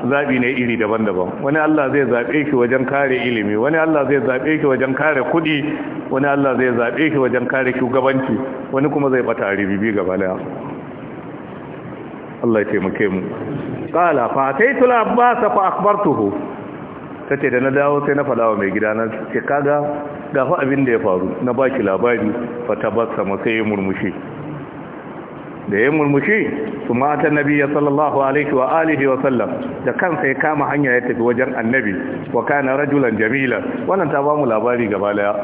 S1: zabi ne iri daban-daban wani Allah zai zabe ki wajen kare ilimi wani Allah zai zabe ki wajen kare kudi wani Allah zai zabe ki wajen kare shugabanci wani kuma zai bata ribibi gaba da Allah ya taimake mu qala fa ataitul abbas fa akhbartuhu tace da na dawo sai na fada wa mai gidana ce kaga dafa abin da ya faru na baki labari fa tabassama sai ya murmushi da ya murmushi su matan nabiya sallallahu alaihi wa alihi wa sallam da kansa ya kama hanya ya tafi wajen annabi wa kana rajulan jamila wannan ta bamu labari gaba daya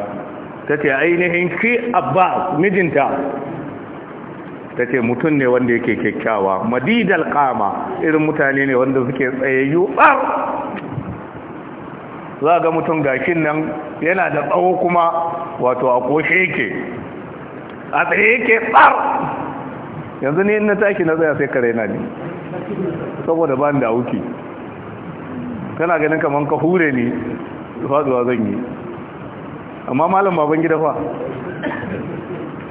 S1: tace ainihin ki abbas mijinta tace mutum ne wanda yake kyakkyawa madidal qama irin mutane ne wanda suke tsayayyu bar za ga mutum gashin nan yana da tsawo kuma wato a koshe yake a tsaye yake bar yanzu ne na tashi na tsaya sai kare na ne saboda ba da auki kana ganin kamar ka hure ne faduwa zan yi amma malam baban gida fa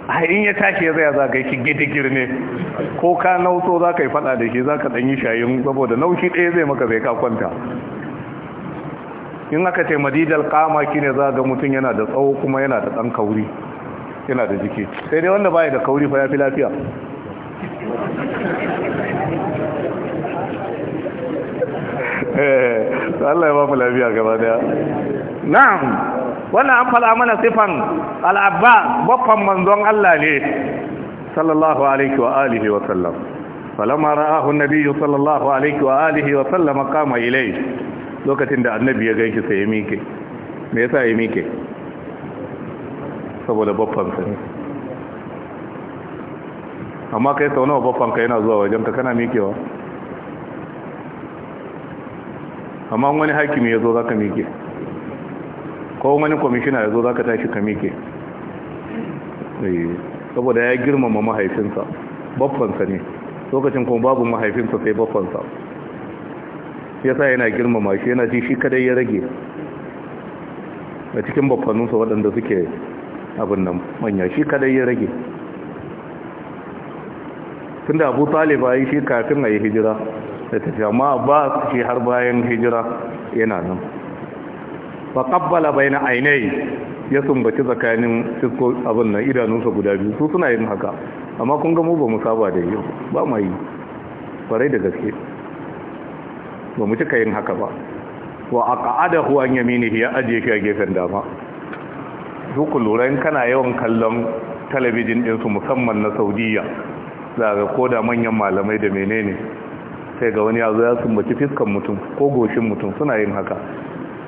S1: a in ya tashi ya tsaya za ka yi gidigir ne ko ka nauso za ka yi fada da shi za ka ɗanyi shayin saboda naushi ɗaya zai maka zai ka kwanta in aka ce madidal kama ki ne za ga mutum yana da tsawo kuma yana da ɗan kauri yana da jiki sai dai wanda baya da kauri fa ya fi lafiya Eh, Allah ya ba mu lafiya gaba daya na'am wannan an fara mana sifan al'abba babban manzon Allah ne sallallahu alaihi wa alihi wa sallam falamma ra'ahu an-nabiy sallallahu alaihi wa alihi wa sallam qama ilayhi lokacin da annabi ya ganki sai ya mike me yasa ya mike saboda babban sa amma kai sau nawa ka yana zuwa ka kana mikewa amma wani hakimi ya zo za ka mike ko wani kwamishina ya zo za ka tashi ka mike eh, saboda ya girmama mahaifinsa baffansa ne lokacin kuma babu mahaifinsa sai baffansa ya sa yana girmama shi yana shi shi kadai ya rage da cikin baffanunsa waɗanda suke abin nan manya shi kadai ya rage da abu taliba yi shi kafin a yi hijira da tafiya amma ba shi har bayan hijira yana nan Ba kabbala bai na ainihi ya sumbaci tsakanin fisko abin nan idanunsa guda biyu su suna yin haka amma kun gamo ba mu saba da yi ba mu yi farai da gaske ba mu cika yin haka ba wa aqadahu an yaminihi ya ajiye shi a gefen dama duk lura kana yawan kallon talabijin ɗinsu musamman na Saudiya za ga ko da manyan malamai da menene sai ga wani ya sun ya sumbaci fiskan mutum ko goshin mutum suna yin haka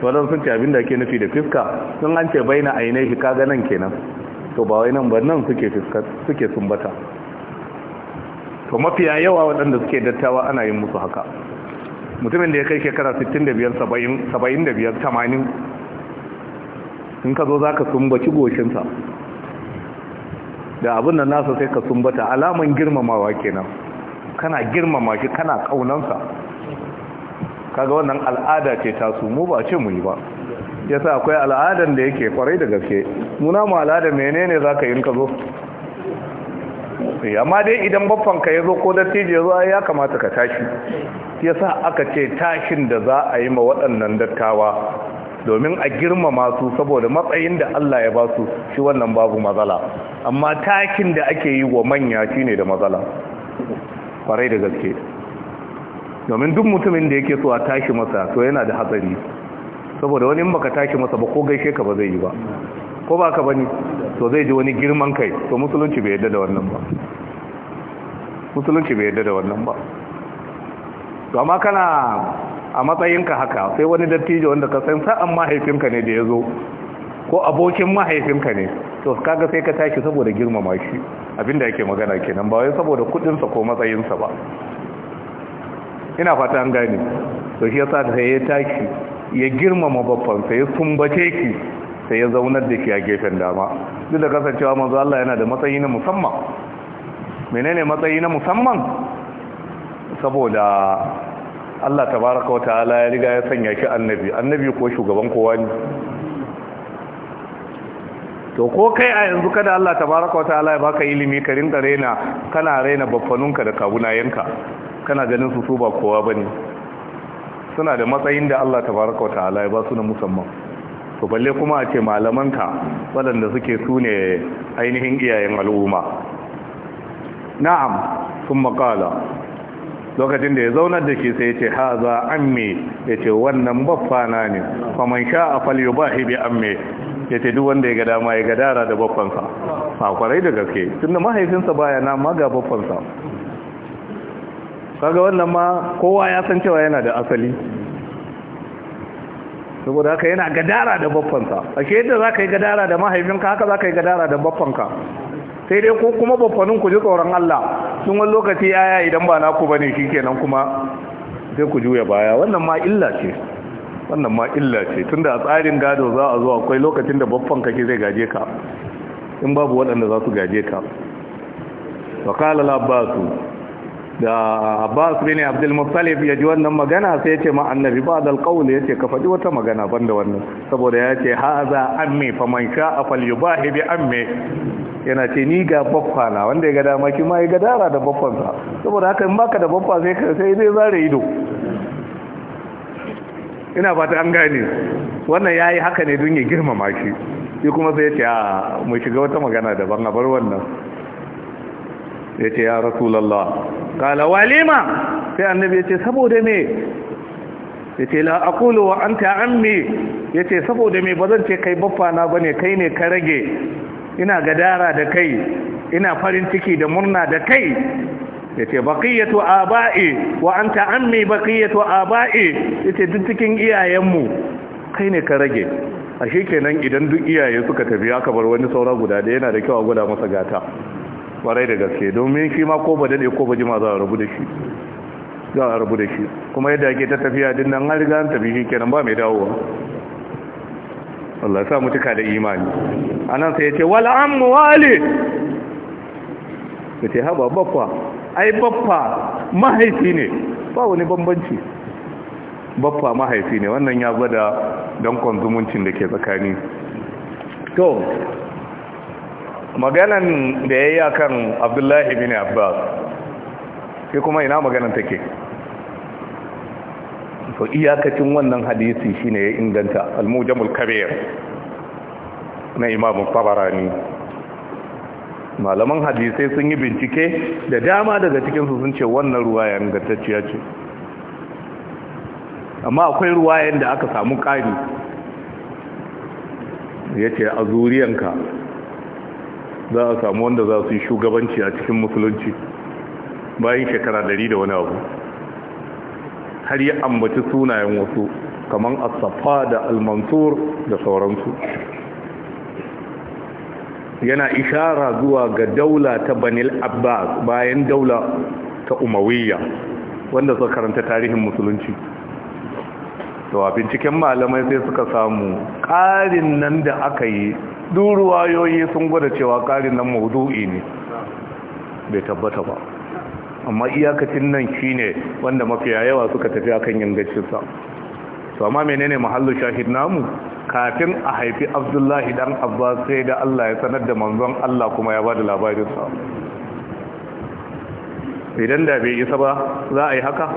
S1: wadan sun ce abin da ke nufi da fiska sun an ce baina ainihi kaga nan kenan to ba wai nan ba nan suke fiska suke sumbata to mafiya yawa waɗanda suke dattawa ana yin musu haka mutumin da ya kai shekara 65 75 80 in ka zo za ka sumbaci goshinsa da abin da nasa sai ka sumbata alaman girmamawa kenan kana girmama shi kana kaunansa kaga wannan al'ada ce ta su mu ba ce mu yi ba yasa akwai al'adan da yake kwarai da gaske muna mu al'ada menene zaka yi ka zo eh, amma dai idan ka ya zo ko dattijo ya zo ya kamata ka tashi yasa aka ce tashin da za a yi ma waɗannan dattawa domin a girmama su saboda matsayin da Allah ya ba su shi wannan babu matsala amma takin da ake yi wa manya shine da matsala kwarai da gaske domin duk mutumin da yake so a tashi masa to yana da hatsari saboda wani baka tashi masa ba ko gaishe ka ba zai yi ba ko ba ka bane to zai ji wani girman kai to musulunci bai yadda da wannan ba musulunci bai yadda da wannan ba to amma kana a matsayinka haka sai wani dattijo wanda ka san sa'an mahaifinka ne da ya zo ko abokin mahaifinka ne to kaga sai ka tashi saboda girmama shi abinda yake magana kenan ba wai saboda kudinsa ko matsayinsa ba ina fata an gane to shi yasa sai ya tashi ya girmama babban sai ya sumbace ki sai ya zaunar da shi a gefen dama duk da kasancewa manzo Allah yana da matsayi na musamman menene matsayi na musamman saboda Allah tabaraka wa ta'ala ya riga ya sanya shi annabi annabi ko shugaban kowa ne to ko kai a yanzu kada Allah tabaraka wa ta'ala ya baka ilimi ka rinka raina, kana raina baffanunka da kabunayenka kana ganin su su ba kowa bane suna da matsayin da Allah tabaraka wa ta'ala ya ba su na musamman to balle kuma a ce malamanka waɗanda suke su ne ainihin iyayen al'umma na'am sun maƙala lokacin da ya zaunar da shi sai ya ce ha za amme ya ce wannan baffana ne kwaman sha a falyo ba shi bi amme ya ce duk wanda ya ga dama ya gadara da baffansa ba kwarai da gaske tun da mahaifinsa baya na ma ga baffansa kaga wannan ma kowa ya san cewa yana da asali saboda haka yana gadara da baffansa a ke yadda za ka yi gadara da mahaifinka haka za ka yi gadara da baffanka sai dai ko kuma bafanin ku ji tsoron Allah sun wani lokaci yaya idan ba naku bane kenan kuma sai ku juya baya wannan ma illa ce wannan ma illa ce tunda a tsarin gado za a zo akwai lokacin da baffan kake zai gaje ka in babu waɗanda za su gaje ka wa kala da Abbas bin Abdul Muttalib ya ji wannan magana sai ya ce ma annabi ba dal qaul ya ce ka faɗi wata magana banda wannan saboda ya ce haza ammi sha afal yubahi bi ammi yana ce ni ga baffa na wanda ya ga dama ki ma ya ga dara da baffan sa, saboda haka in baka da baffa sai sai zai zare ido ina fata an gane wannan yayi haka ne don ya girmama shi shi kuma sai ya ce a mu shiga wata magana daban a bar wannan ya ce ya rasulallah kala walima sai annabi ya ce saboda me ya ce la akulu wa an ta'ammi ya ce saboda me ba zan ce kai baffa na bane kai ne ka rage ina gadara da kai ina farin ciki da murna da kai ya ce baƙiyyatu aba'i wa an ta'ammi baƙiyyatu aba'i ya ce duk cikin iyayenmu kai ne ka rage a kenan idan duk iyaye suka tafi aka bar wani saura guda da yana da kyau a gwada masa gata kwarai da gaske domin shi ma ko ba dade ko ba jima za a rabu da shi za a rabu da shi kuma yadda ake ta tafiya din nan har riga an tafi shi kenan ba mai dawowa Allah sa mutuka da imani anan sai yace wal amwali yace haba baffa ai baffa mahaifi ne ba wani bambanci baffa mahaifi ne wannan ya gwada kon zumuncin da ke tsakani to maganan da ya yi a kan abdullahi bin abbas sai kuma ina maganan take to iyakacin wannan hadisi shine ya inganta almujamul kabir na imamun fabarani malaman hadisai sun yi bincike da dama daga cikinsu sun ce wannan ruwa yan ingantacciya ce amma akwai ruwa da aka samu ƙari ya ce a zuriyanka za a samu wanda za su yi shugabanci a cikin musulunci bayan shekara dari da wani abu har yi ambaci sunayen wasu kamar asafa da almantur da sauransu yana ishara zuwa ga daula ta banil abbas bayan daula ta umawiyya wanda suka karanta tarihin musulunci to a binciken malamai sai suka samu ƙarin nan da aka yi duk ruwayoyi sun gwada cewa karin nan maudu'i ne bai tabbata ba amma iyakacin nan shine wanda mafiya yawa suka tafi akan yangacinsa to amma menene mahallu shahid namu kafin a haifi abdullahi dan abbas sai da Allah ya sanar da manzon Allah kuma ya bada labarin sa idan da bai isa ba za a yi haka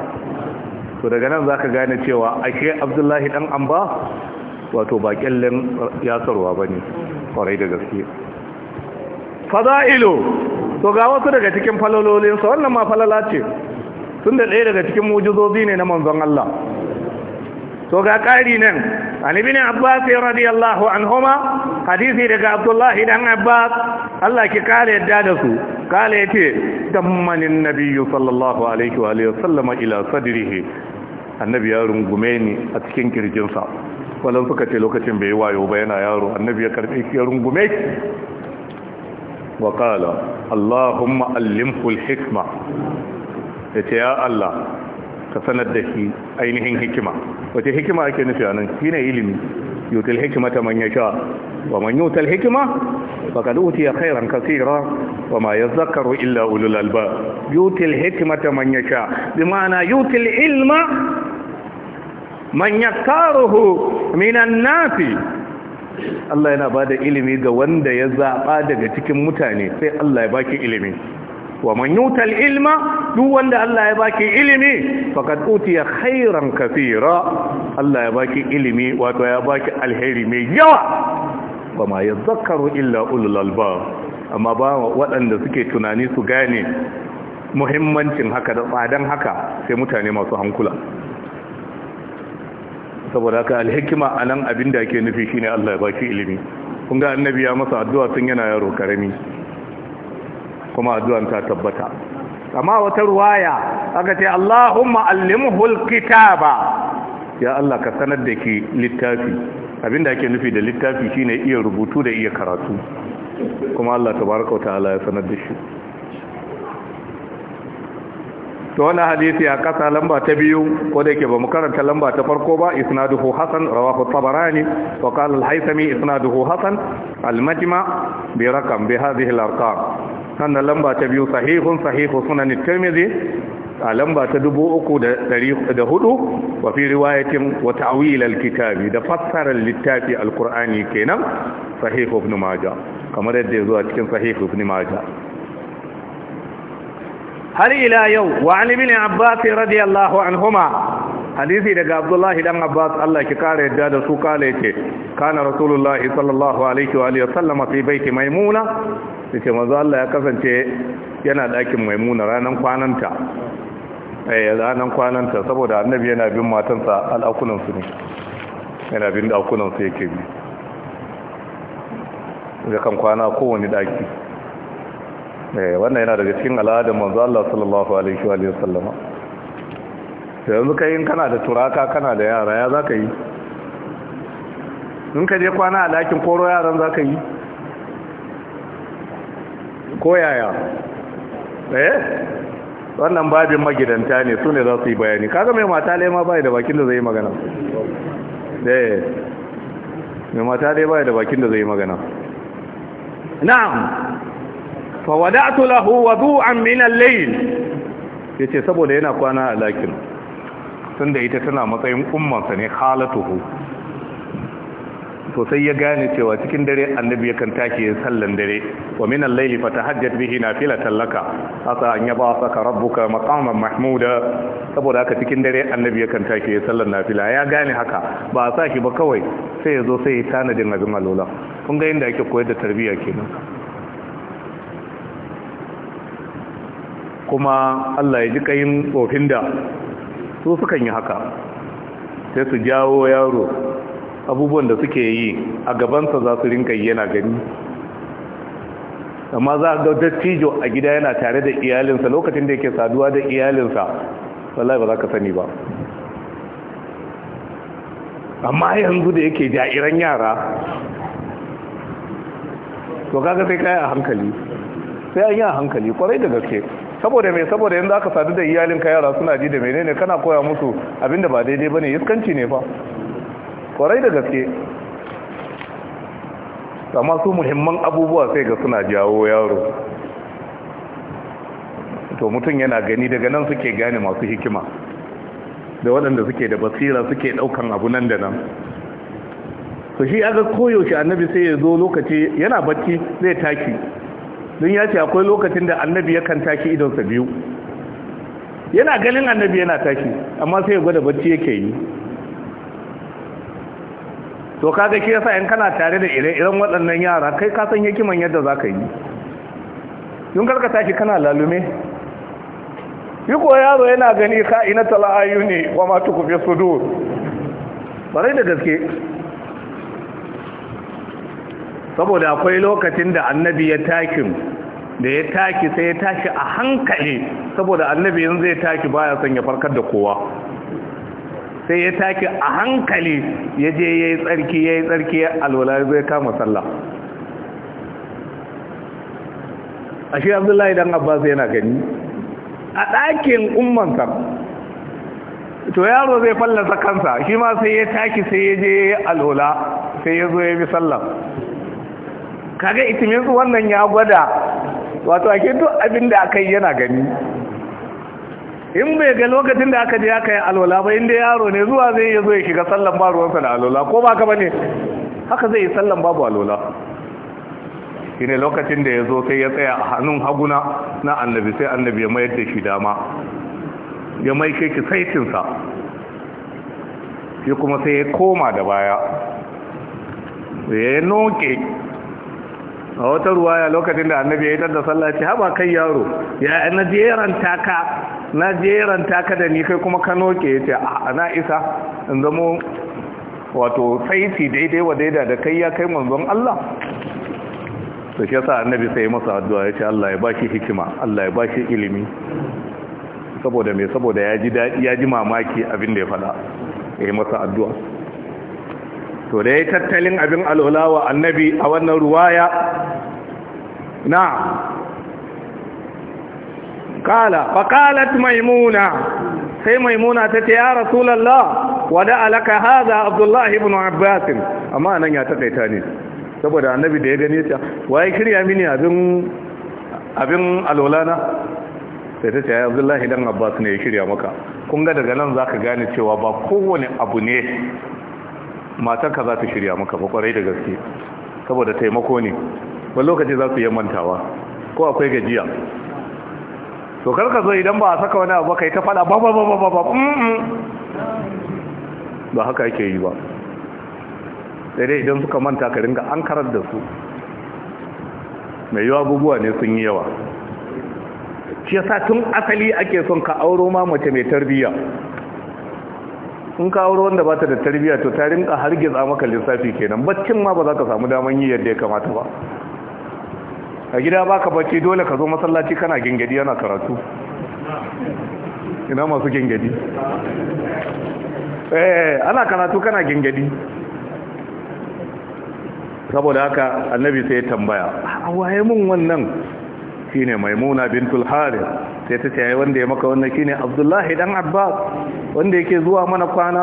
S1: to daga nan za ka gane cewa ake abdullahi dan amba wato ba kyallen yasarwa ba ne kwarai da gaske faza'ilo to ga wasu daga cikin falololinsa wannan ma falala ce sun da ɗaya daga cikin mujizozi ne na manzon Allah to ga ƙari nan an ne abbas radiyallahu homa, hadisi daga abdullahi dan abbas Allah ki kare yadda da su kare ce, dammanin Nabiyu sallallahu alaihi wa sallama ila sadrihi annabi ya rungume ni a cikin kirjinsa walan suka ce lokacin bai wayo ba yana yaro annabi ya karbe ya rungume ki wa qala allahumma allimhu alhikma yace ya allah ka sanar da shi ainihin hikima wace hikima ake nufi anan shine ilimi yutul hikmata man yasha wa man yutul hikma faqad utiya khairan kaseera wa ma yadhakkaru illa ulul albab yutul ta man yasha bimaana yutul ilma man yakaruhu minan nasi Allah yana bada ilimi ga wanda ya zaba daga cikin mutane sai Allah ya baki ilimi wa man yutal ilma duk wanda Allah ya baki ilimi faqad utiya khairan kaseera Allah ya baki ilimi wato ya baki alheri mai yawa ya zakaru illa ulul albab amma ba waɗanda suke tunani su gane muhimmancin haka da tsadan haka sai mutane masu hankula saboda haka alhikima a nan abin da ake nufi shine Allah ya baki ilimi kun ga annabi ya masa addu'a sun yana yaro karami kuma addu'an ta tabbata amma wata ruwaya aka ce Allahumma allimhu alkitaba ya Allah ka sanar da ke littafi abinda ke nufi da littafi shine iya rubutu da iya karatu kuma Allah tabaraka wa ta'ala ya sanar da shi to wani hadisi a kasa lamba ta biyu ko da yake bamu karanta lamba ta farko ba isnaduhu hasan rawahu tabarani wa qala al-haythami isnaduhu hasan al-majma bi rakam bi hadhihi al-arqam sannan lamba ta biyu sahihun sahihu sunan at-tirmidhi a lamba ta dubu uku da hudu wa fi riwayatin wa ta'wil al-kitabi da fassarar littafi al-qur'ani kenan sahihu ibn majah kamar yadda a cikin sahih ibn majah har ila yau wa an ibn abbas radiyallahu anhuma hadisi daga abdullahi dan abbas Allah ki kare yadda da su kale ce kana rasulullahi sallallahu alaihi wa alihi sallama fi baiti maimuna yace manzo Allah ya kasance yana dakin maimuna ranan kwananta eh ranan kwananta saboda annabi yana bin matansa al'akunan su ne yana bin dakunan su yake bi da kan kwana kowani daki Eh, wannan yana daga cikin al'adar manzo Allah sallallahu alaihi wa sallama yanzu kai in kana da turaka kana da yara ya za ka yi in ka je kwana a dakin koro yaran za ka yi ko yaya eh wannan babin magidanta ne su ne za su yi bayani kaga mai mata dai ma bai da bakin da zai yi magana eh mai mata dai bai da bakin da zai yi magana na'am fa wada'tu lahu wudu'an min al-layl yace saboda yana kwana a lakin tunda ita tana matsayin ummansa ne khalatuhu to sai ya gane cewa cikin dare annabi yakan take yin sallan dare wa min al-layli fatahajjat bihi nafilatan laka asa an yaba saka rabbuka maqaman mahmuda saboda haka cikin dare annabi yakan take yin sallan nafila ya gane haka ba a saki ba kawai sai ya zo sai ya tanadin azumalola kun ga inda yake koyar da tarbiyya kenan kuma Allah ya ji kayin tsofin da su sukan yi haka sai su jawo yaro abubuwan da suke yi a gabansa za su rinka yana gani amma za a ga dattijo a gida yana tare da iyalinsa lokacin da yake saduwa da iyalinsa wallahi ba za ka sani ba amma yanzu da yake jairan yara to kaga sai kaya a hankali sai an yi a hankali kwarai da gaske saboda mai saboda yanzu aka sadu da iyalinka yara suna ji da menene kana koya musu abinda ba daidai bane iskanci ne fa kwarai da gaske amma su muhimman abubuwa sai ga suna jawo yaro to mutum yana gani daga nan suke gane masu hikima da waɗanda suke da basira suke ɗaukan abu nan da nan su shi aga koyaushe annabi sai ya zo lokaci yana bacci zai taki don ya ce akwai lokacin da annabi yakan tashi idonsa biyu yana ganin annabi yana tashi amma sai ya gwada bacci yake yi to kaga shi yasa in kana tare da ire-iren waɗannan yara kai ka san hikiman yadda za ka yi in karka tashi kana lalume yi ko yaro yana gani ka ina tala'ayu ne wa ma tukufe sudur bare da gaske saboda akwai lokacin da annabi ya takin da ya taki sai ya tashi a hankali saboda annabi yanzu zai taki baya son ya farkar da kowa sai ya taki a hankali ya je ya yi tsarki ya yi tsarki ya alwala zai kama sallah a shi abdullahi Abba abbas yana gani a ɗakin ummansa to yaro zai fallasa kansa shi ma sai ya taki sai ya je ya yi alwala sai ya zo ya bi sallah kaga itimisu wannan ya gwada wato ake duk abinda aka yi yana gani in bai ga lokacin da aka je aka yi alwala ba inda yaro ne zuwa zai iya zo ya shiga sallan ba ruwansa da alwala ko ba ka ba ne haka zai yi sallan babu alwala shi ne lokacin da ya zo sai ya tsaya a hannun haguna na annabi sai annabi ya mayar da shi dama ya maike shi saitinsa shi kuma sai ya koma da baya ya yi noke a wata ruwaya lokacin da annabi ya yi da sallah ce haɓa kai yaro ya na jeran taka na jeran taka da ni kai kuma ka noke ya ce a na isa in zamo wato saiti daidai wa daida da kai ya kai manzon Allah to shi yasa annabi sai masa addu'a ya ce Allah ya bashi hikima Allah ya bashi ilimi saboda me saboda ya ji dadi ya ji mamaki abin da ya fada ya yi masa addu'a to da ya tattalin abin alulawa annabi a wannan ruwaya na'am kala faqalat maimuna sai maimuna ta ce ya rasulullah wada alaka hadha abdullah ibn abbas amma nan ya takaita ni saboda annabi da ya gane ta waye kirya mini abin abin alwalana sai ta ce ya Abdullahi dan abbas ne ya shirya maka kun ga daga nan zaka gane cewa ba kowane abu ne matarka za ta shirya maka ba kwarai da gaske saboda taimako ne wani lokaci za su yi mantawa ko akwai gajiya to karka zo idan ba a saka wani abu kai ta fada ba ba ba ba ba ba mm, mm. haka yake yi ba sai dai idan suka manta ka ringa an karar da su mai yiwa abubuwa ne sun yi yawa shi yasa tun asali ake son ka auro ma mace mai tarbiyya in ka auro wanda ba ta da tarbiyya to ta rinka gizo maka lissafi kenan baccin ma ba za ka samu daman yi yadda ya kamata ba a gida baka bacci dole ka zo masallaci kana gingadi yana karatu ina masu gingadi eh ana karatu kana gingadi saboda haka annabi sai ya tambaya waye mun wannan shine maimuna bintul harith sai ta ce wanda ya maka wannan shine abdullahi dan abbas wanda yake zuwa mana kwana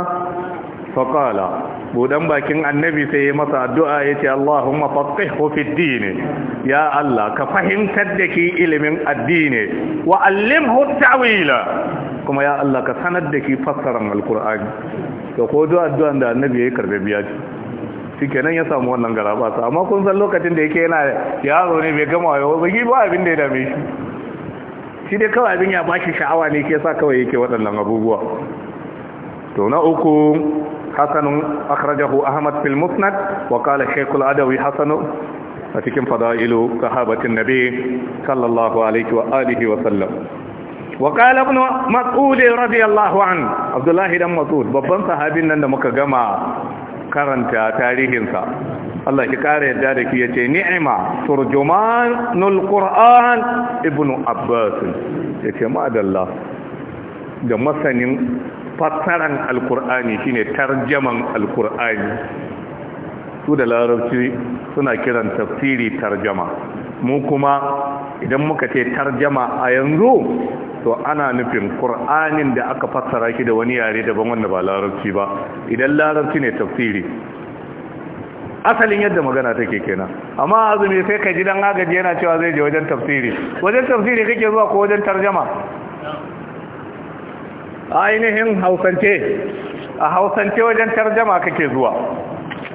S1: faƙala budan bakin annabi sai ya masa addu'a ya ce Allahumma faƙihu fi dini ya Allah ka fahimtar da ki ilimin addini wa allimhu ta'wila kuma ya Allah ka sanar da ki fassaran alkur'ani da ko duk addu'an da annabi ya yi karbe biya ce shi kenan ya samu wannan garaba sa amma kun san lokacin da yake yana yaro ne bai gama yau ba ba abin da ya dame shi shi dai kawai abin ya bashi sha'awa ne ke sa kawai yake waɗannan abubuwa to na uku hasanun akhrajahu ahmad fil musnad wa qala shaykh adawi hasanu a cikin fada'ilu sahabatin nabi sallallahu alaihi wa wa sallam wa qala ibn mas'ud radiyallahu an abdullahi dan mas'ud babban sahabin nan da muka gama karanta tarihinsa Allah ki kare yadda da ki yace ni'ima turjumanul qur'an ibn abbas yace madalla da masanin fassaran alkur'ani shine tarjaman alkur'ani su da larabci suna kiran tafsiri tarjama mu kuma idan muka ce tarjama a yanzu to ana nufin kur'anin da aka fassara shi da wani yare daban wanda ba larabci ba idan larabci ne tafsiri asalin yadda magana take kenan amma azumi sai ka ji dan agaji yana cewa zai je wajen tafsiri wajen tafsiri kake zuwa ko wajen tarjama ainihin hausance a hausance wajen tarjama kake zuwa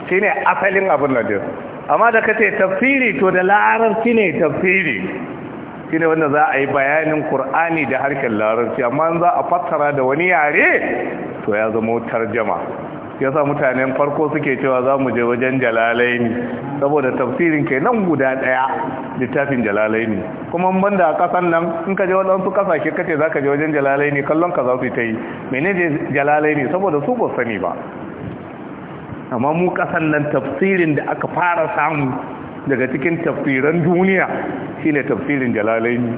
S1: shine asalin abin da din amma da kace tafsiri to da larabci ne tafsiri shine wanda za a yi bayanin Kur'ani da harkar larabci amma za a fassara da wani yare to ya zama tarjama yasa mutanen farko suke cewa za mu je wajen jalalaini saboda tafsirin ke nan guda ɗaya littafin jalalaini kuma banda a ƙasan nan in ka je waɗansu ƙasashe kace za ka je wajen jalalaini kallon ka za su ta yi mene je jalalaini saboda su ba sani ba amma mu ƙasan nan tafsirin da aka fara samu daga cikin tafsiran duniya shine tafsirin jalalaini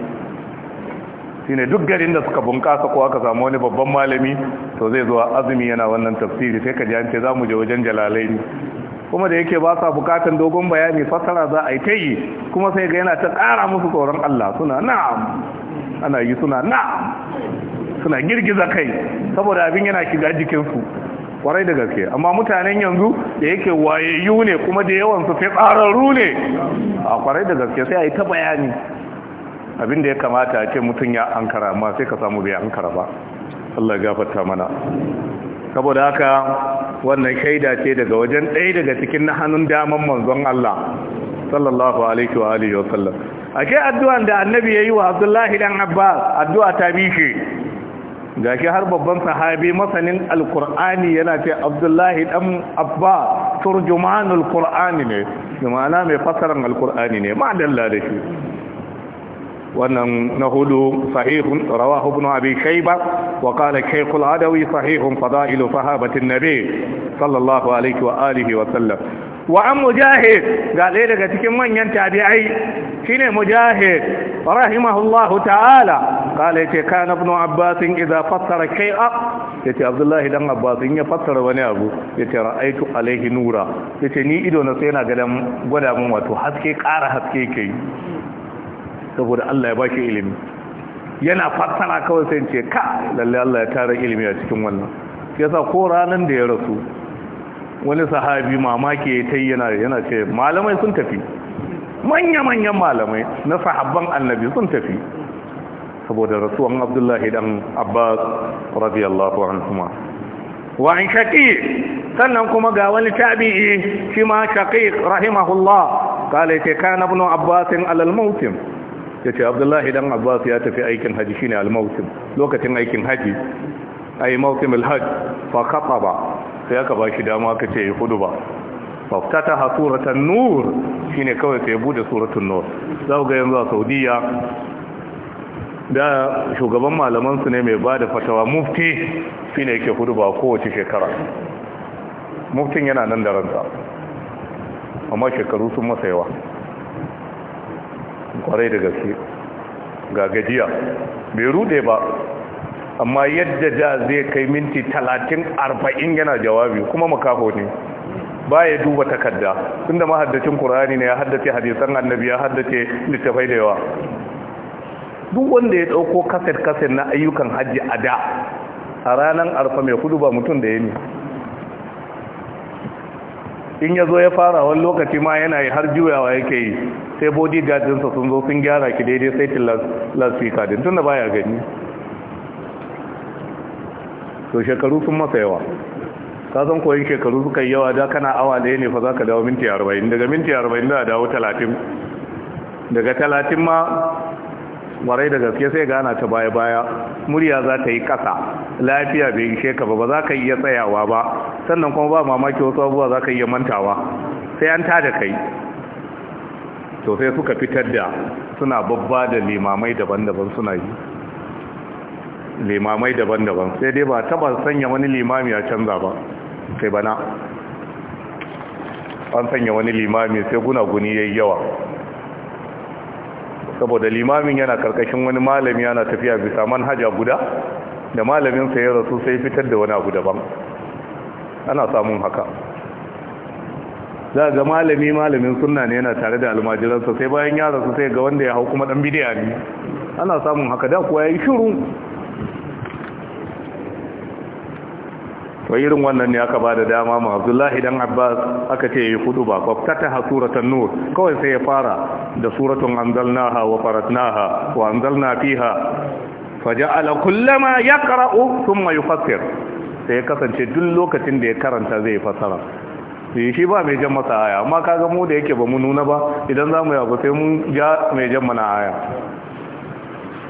S1: shine duk garin da suka bunƙasa ko aka samu wani babban malami to zai zuwa azumi yana wannan tafsiri sai ka ji an ce za mu je wajen jalalaini kuma da yake ba sa bukatan dogon bayani fasara za a yi ta yi kuma sai ga yana ta ƙara musu tsoron Allah suna na'am ana yi suna na'am suna girgiza kai saboda abin yana shiga jikinsu kwarai da gaske amma mutanen yanzu da yake wayayyu ne kuma da yawan su tsararru ne a kwarai da gaske sai a yi ta bayani abinda ya kamata a ce mutum ya ankara ma sai ka samu bai ankara ba Allah ya gafarta mana saboda haka wannan shaida ce daga wajen ɗaya daga cikin na hannun daman manzon Allah sallallahu alaihi wa alihi wa sallam ake addu'an da annabi yayi wa Abdullahi dan Abbas addu'a ta bishi gashi har babban sahabi masanin alqur'ani yana ce Abdullahi dan Abbas turjumanul qur'ani ne ma'ana mai fasaran alqur'ani ne ma dalla shi wannan na hudu sahihun rawahu ibn abi shayba wa qala shaykh al-adawi sahihun fadailu sahabati nabi sallallahu alaihi wa alihi wa sallam wa an mujahid ga ɗaya daga cikin manyan tabi'ai shine mujahid rahimahullahu ta'ala kala yace kana ibn abbas idza fassara shay'a yace abdullahi dan abbas ya fassara wani abu yace ra'aitu alaihi nura yace ni ido na sai na ga dan gwada mun wato haske ƙara haske kai saboda Allah ya ba ilimi yana fassara kawai sai ce ka lalle Allah ya tara ilimi a cikin wannan yasa ko ranan da ya rasu wani sahabi mamaki ya tai yana yana ce malamai sun tafi manya manyan malamai na sahabban annabi sun tafi saboda rasuwan Abdullahi dan Abbas radiyallahu anhuma wa an shaqi sannan kuma ga wani tabi'i shi ma shaqiq rahimahullah kale ce kana ibn Abbas alal ya ce abdullahi dan abbas ya tafi aikin haji shine al-mawsim lokacin aikin haji ayi mawsim al-hajj fa khataba sai aka ba shi dama aka ce hudu ba fa fataha suratan nur shine kawai sai bude suratul nur zau ga yanzu a saudiya da shugaban malaman su ne mai bada fatawa mufti shine yake hudu ba kowace shekara muftin yana nan da ransa amma shekaru sun masa yawa kwarai da gaske ga gajiya bai rude ba amma yadda da zai kai minti talatin arba'in yana jawabi kuma makaho ne ba ya duba takarda tunda mahaddacin kur'ani ne ya haddace hadisan annabi ya haddace littafai da yawa duk wanda ya dauko kaset kaset na ayyukan hajji a da a ranar arfa mai kudu ba mutum da ya ne in ya zo ya fara wani lokaci ma yana yi har juyawa yake yi sai bodyguard dinsa sun zo sun gyara ki daidai sai tin lasfika din tunda baya gani to shekaru sun masa yawa ka san koyin shekaru suka yi yawa da kana awa daya ne fa za ka dawo minti arba'in daga minti arba'in da dawo talatin daga talatin ma marai da gaske sai gana ta baya-baya murya za ta yi kasa lafiya bai yi sheka ba ba za ka iya tsayawa ba sannan kuma ba mamaki wasu abubuwa za ka iya mantawa sai an tada kai to sai suka fitar da suna babba da limamai daban-daban suna yi limamai daban-daban sai dai ba taba sanya wani limami a canza ba sai bana an sanya wani limami sai guna guni yayi yawa saboda limamin yana karkashin wani malami yana tafiya bisa manhaja guda da malamin sa ya rasu sai fitar da wani abu daban ana samun haka za ga malami malamin sunna ne yana tare da almajiransa sai bayan ya rasu sai ga wanda ya hau kuma dan bidiya ne ana samun haka da kuwa ya yi shiru to irin wannan ne aka da dama ma Abdullahi dan Abbas aka ce yi hudu ba qaftataha suratul nur kawai sai ya fara da suratun anzalnaha wa faratnaha wa anzalna fiha faja'ala kullama yaqra'u thumma yufassir sai ya kasance duk lokacin da ya karanta zai fassara sai shi ba mai jan masa aya amma kaga mu da yake ba mu nuna ba idan zamu yabo sai mun ja mai jan mana aya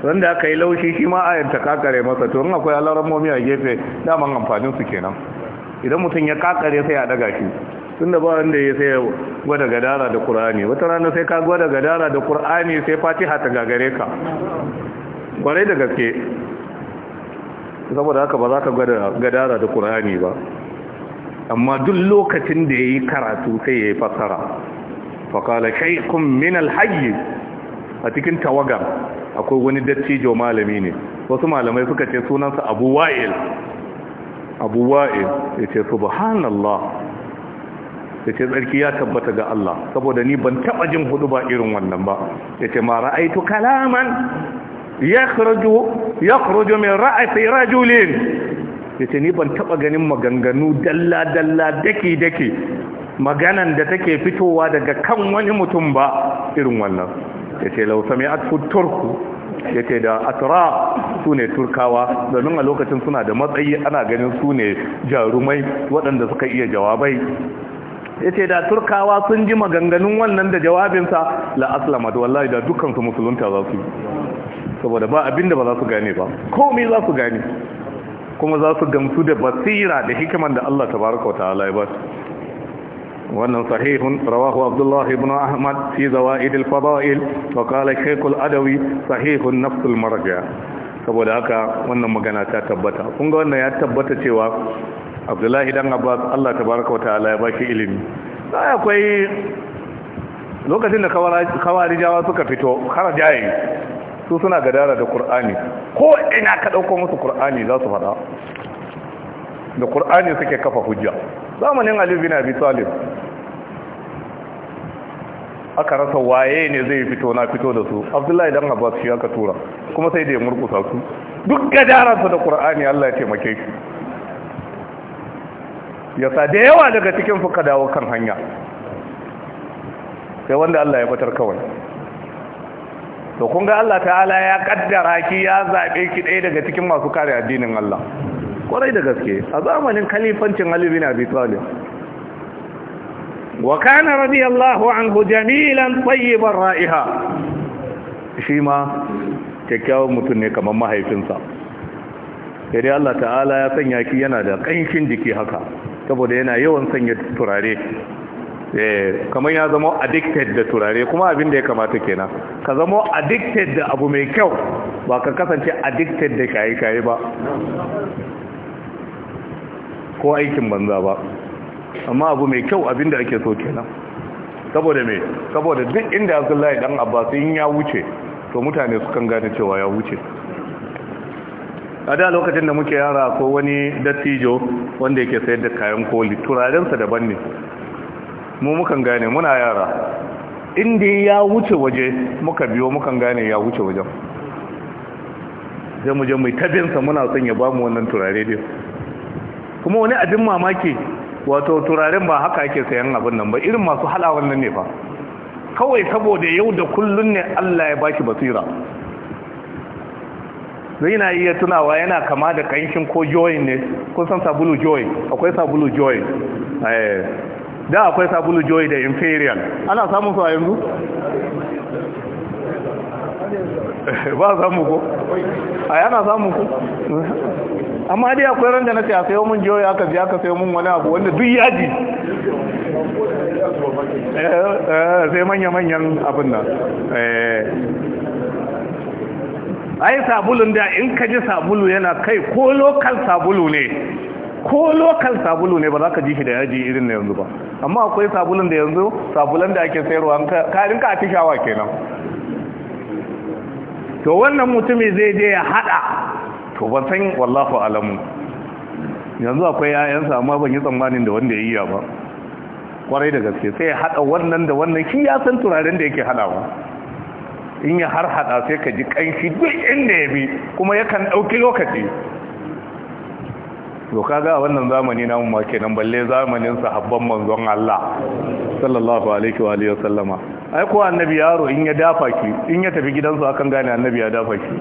S1: wanda aka yi laushi shi ma a yanta kakare masa to wani akwai momi a gefe daman amfanin su kenan idan mutum ya kakare sai a daga shi tunda ba wanda ya sai gwada gadara da kur'ani wata rana sai ka gwada gadara da kur'ani sai fatiha ta gagare ka kwarai da gaske saboda haka ba za ka gwada gadara da kur'ani ba amma duk lokacin da ya yi karatu sai ya yi fasara faqala shaikun min a cikin tawagan akwai wani dattijo malami ne wasu malamai suka ce sunansa abu wa'il abu wa'il ya ce subhanallah ya ce tsarki ya tabbata ga Allah saboda ni ban taba jin hudu ba irin wannan ba ya ce ma ra'aitu kalaman ya kuruju min ra'afi rajulin ya ce ni ban taba ganin maganganu dalla-dalla daki-daki maganan da take fitowa daga kan wani mutum ba irin wannan ya ce lausami a turku ya ce da atara su ne turkawa domin a lokacin suna da matsayi ana ganin su ne jarumai waɗanda suka iya jawabai ya ce da turkawa sun ji maganganun wannan da jawabinsa la aslama da wallahi da dukansu musulunta za su yi saboda ba abinda ba za su gane ba komai za su gane kuma za su gamsu da basira da hikiman da Allah Ta wa ta'ala ya ba wannan sahihun rawahu abdullah ibn ahmad fi zawaid al-fadail wa qala shaykh al-adawi sahihun nafs al-marja saboda haka wannan magana ta tabbata kun ga wannan ya tabbata cewa abdullahi dan abbas Allah tabaraka wa ta'ala ya baki ilimi sai akwai lokacin da kawarijawa suka fito har jaye su suna gadara da Kur'ani. ko ina ka ɗauko musu Kur'ani za su faɗa da Kur'ani suke kafa hujja zamanin alibi na bi Talib aka rasa waye ne zai fito na fito da su Abdullahi dan Abbas shi aka tura kuma sai da ya murkusa su duk gadararsa da Qur'ani Allah ya taimake shi yasa da yawa daga cikin fuka dawo kan hanya sai wanda Allah ya batar kawai to kun ga Allah ta'ala ya kaddara ki ya zabe ki ɗaya daga cikin masu kare addinin Allah kwarai da gaske a zamanin kalifancin Ali na Abi Talib wa kana radiyallahu anhu jamilan tayyiban ra'iha shi ma kyakkyawan mutum ne kamar mahaifinsa sai Allah ta'ala ya sanya ki yana da ƙanshin jiki haka saboda yana yawan sanya turare eh, kamar ya zama addicted da turare kuma abin da ya kamata kenan ka zama addicted da abu mai kyau ba ka kasance addicted da shaye-shaye ba ko aikin banza ba amma abu mai kyau abinda ake so kenan saboda me saboda duk inda Abdullahi dan Abbas in ya wuce to mutane su kan gane cewa ya wuce a lokacin da muke yara ko wani dattijo wanda yake sayar da kayan koli turaren sa daban ne mu mukan gane muna yara inda ya wuce waje muka biyo mukan gane ya wuce wajen zai mu je mai tabinsa muna son ya bamu wannan turare din kuma wani abin mamaki wato turaren ba haka yake sayan abin nan ba irin masu halawar nan ne ba. kawai saboda yau da kullun ne Allah ya baki basira zai na iya tunawa yana kama da kanshin ko joy ne kun san sabulu joy akwai sabulu joy eh, da akwai sabulu joy da imperial ana samun su a yanzu ba samu ko a yana samu ko amma dai akwai ran da na a sayo mun jiyoyi aka biya ka sayo mun wani abu wanda duk yaji eh, eh, sai manya-manyan abin nan eh. ai sabulun da in ka ji sabulu yana kai ko lokal sabulu ne ko lokal sabulu ne ba za ka ji shi da yaji irin na yanzu ba amma akwai sabulun da yanzu sabulun da ake sayarwa ka rinka a tishawa kenan to wannan mutumin zai je ya hada to ban san wallahu alamu yanzu akwai yayansa amma ban yi tsammanin da wanda ya yi ba kwarai da gaske sai ya hada wannan da wannan shi ya san turaren da yake hadawa in ya har hada sai ka ji kanshi duk inda ya bi kuma yakan dauki lokaci to kaga a wannan zamani namu ma kenan balle zamanin sahabban manzon Allah sallallahu alaihi wa alihi wasallama ai ko annabi yaro in ya dafa ki in ya tafi gidansu akan gane annabi ya dafa ki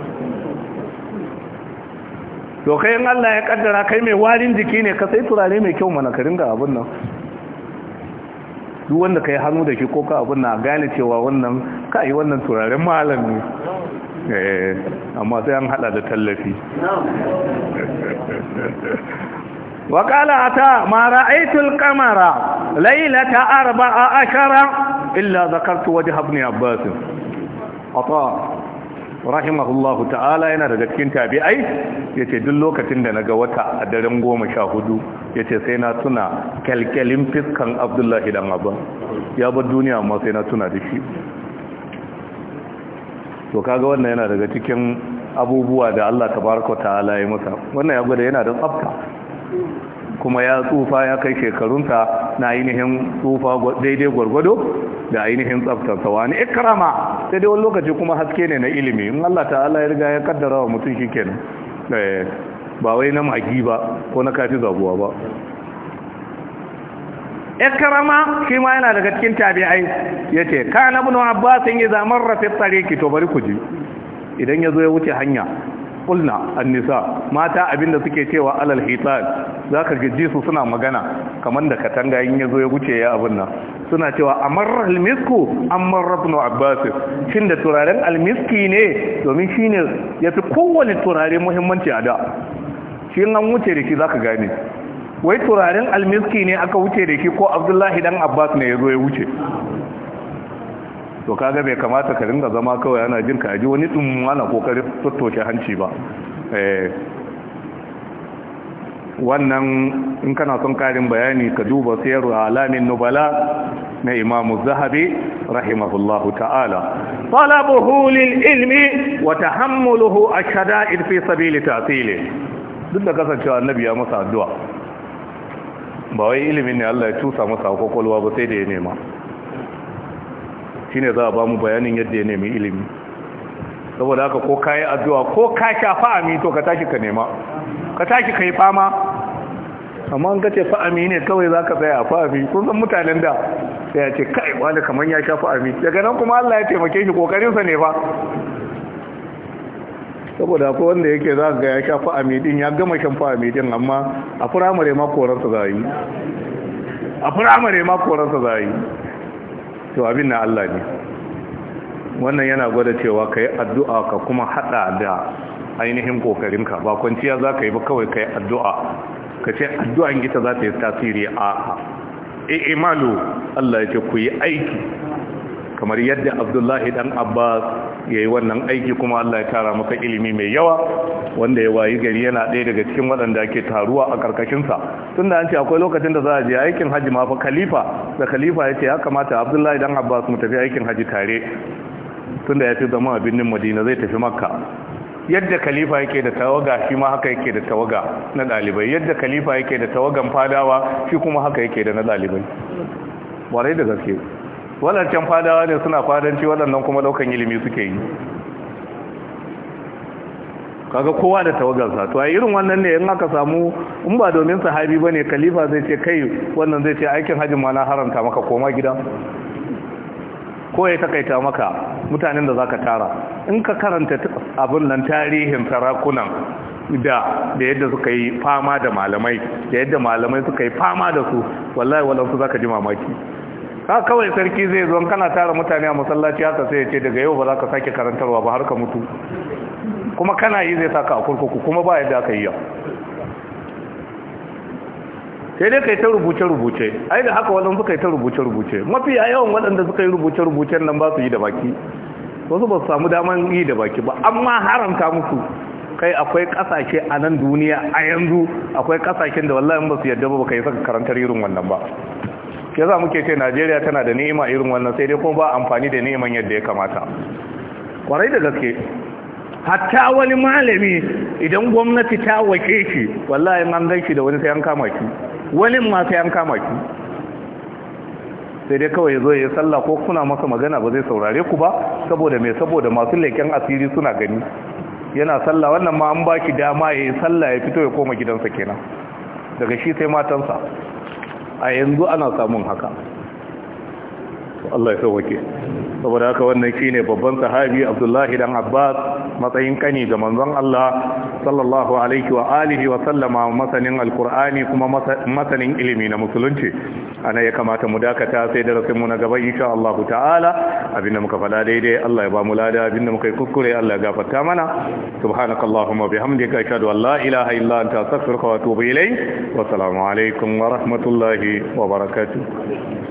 S1: to kai in Allah ya kaddara kai mai warin jiki ne ka sai turare mai kyau mana ka ringa abun nan duk wanda kai hannu da shi ko ka abun nan gane cewa wannan kai wannan turaren malam ne Eh, amma sai an hada da tallafi وقال عطاء ما رأيت araba qamara laylata arba'a ashara illa dhakartu wajh ibn abbas ata rahimahullahu Ta'ala yana daga cikin tabi'ai yace duk lokacin da naga wata a daren 14 yace sai na tuna kalkalin fiskan Abdullahi dan Abba ya bar duniya amma sai na tuna da shi to kaga wannan yana daga cikin abubuwa da Allah ta tabaraka ta'ala ya masa wannan ya gwada yana da tsafta kuma ya tsufa ya kai shekarunta na ainihin tsufa daidai gwargwado da ainihin tsaftarsa wani ikrama sai dai wani lokaci kuma haske ne na ilimi in Allah ta'ala ya riga ya kaddara wa mutum shikenan eh, ba wai na magi ba ko na kafi zabuwa ba ikrama shi ma yana daga cikin tabi'ai yace kana ibn abbas in iza marra fi tariqi to bari ku ji idan yazo ya wuce hanya kulna annisa mata abinda suke cewa alal hitan zaka gaji su suna magana kamar da katanga in yazo ya wuce ya abin nan suna cewa amarra al-misku amarra ibn abbas shin da turaren al almiski ne domin shine yafi kowane turare muhimmanci a da shi an wuce da shi zaka gane wai turaren almiski ne aka wuce da shi ko abdullahi dan abbas ne ya zo ya wuce to kaga bai kamata ka ringa zama kawai ana jin ka ji wani dum kokarin tattoshe hanci ba eh, wannan in kana son karin bayani ka duba sayarwa alamin nubala na imamu zahabi rahimahullahu ta'ala talabuhu lil ilmi wa tahammuluhu ashada'id fi sabili ta'tili duk da kasancewa annabi ya masa addu'a ba wai ilimin ne Allah ya cusa masa kwakwalwa ba sai da ya nema shine za a ba mu bayanin yadda ya nemi ilimi saboda haka ko kayi addu'a ko ka sha fa’ami to ka tashi ka nema ka tashi ka yi fama amma an gace fa'ami ne kawai za ka tsaya a fa'ami kun san mutanen da ya ce kai wani kamar ya sha fa'ami daga nan kuma Allah ya taimake shi ƙoƙarinsa ne fa saboda akwai wanda yake za ga ya sha fa'amidin ya gama shan fa'amidin amma a firamare ma koransa za yi a firamare ma koransa za yi to abin na Allah ne wannan yana gwada cewa ka yi addu'a ka kuma haɗa da ainihin kokarinka ba kwanciya za ka yi ba kawai ka yi addu'a ka ce addu'an gita za ta yi tasiri a e, imalu Allah ya ce ku yi aiki kamar yadda abdullahi dan abbas ya yi wannan aiki kuma Allah ya tara maka ilimi mai yawa wanda ya wayi gari yana ɗaya daga cikin waɗanda ake taruwa a ƙarƙashinsa tun da an ce akwai lokacin da za a je aikin hajji ma fa khalifa da khalifa ya ce ya kamata abdullahi dan abbas mu tafi aikin hajji tare tun da ya fi zama a birnin madina zai tafi makka yadda khalifa yake da tawaga shi ma haka yake da tawaga na ɗalibai yadda khalifa yake da tawagan fadawa shi kuma haka yake da na ɗalibai warai da gaske wadancan fadawa ne suna fadanci waɗannan kuma ɗaukan ilimi suke yi kaga kowa da tawagarsa to a irin wannan ne in aka samu in ba domin sahabi ba ne khalifa zai ce kai wannan zai ce aikin hajjin ma na haramta maka koma gida ko ya takaita maka mutanen da zaka tara in ka karanta abin nan tarihin sarakunan da da yadda suka yi fama da malamai da yadda malamai suka yi fama da su wallahi za zaka ji mamaki ka kawai sarki zai zo kana tara mutane a masallaci haka sai ya ce daga yau ba za ka sake karantarwa ba har ka mutu kuma kana yi zai saka a kurkuku kuma ba yadda aka yi ya sai dai kai ta rubuce-rubuce ai da haka waɗanda suka yi ta rubuce-rubuce mafi a yawan waɗanda suka yi rubuce-rubucen nan ba su yi da baki wasu ba su samu daman yi da baki ba amma haramta musu kai akwai kasashe a nan duniya a yanzu akwai kasashen da wallahi ba su yadda ba ka yi saka karantar irin wannan ba ya za muke ce najeriya tana da ni'ima irin wannan sai dai kuma ba amfani da ni'iman yadda ya kamata kwarai da gaske hatta wani malami idan gwamnati ta wake shi wallahi an gan shi da wani sai an kama shi wani ma sai an kama shi sai dai kawai ya zo ya sallah ko kuna masa magana ba zai saurare ku ba saboda mai saboda masu leken asiri suna gani yana sallah wannan ma an ba shi dama ya yi sallah ya fito ya koma gidansa kenan daga shi sai matansa a yanzu ana samun haka Allah ya saboda haka wannan shine babban sahabi Abdullahi dan Abbas matsayin kani ga manzon Allah sallallahu alaihi wa alihi wa sallama masanin alqur'ani kuma masanin ilimi na musulunci ana ya kamata mu dakata sai darasin mu na gaba insha Allah ta'ala abinda muka fada daidai Allah ya ba mu lada abinda muka yi kuskure Allah ya gafarta mana subhanakallahumma bihamdika ashhadu an la ilaha illa anta astaghfiruka wa atubu ilayk wa assalamu alaikum wa rahmatullahi wa barakatuh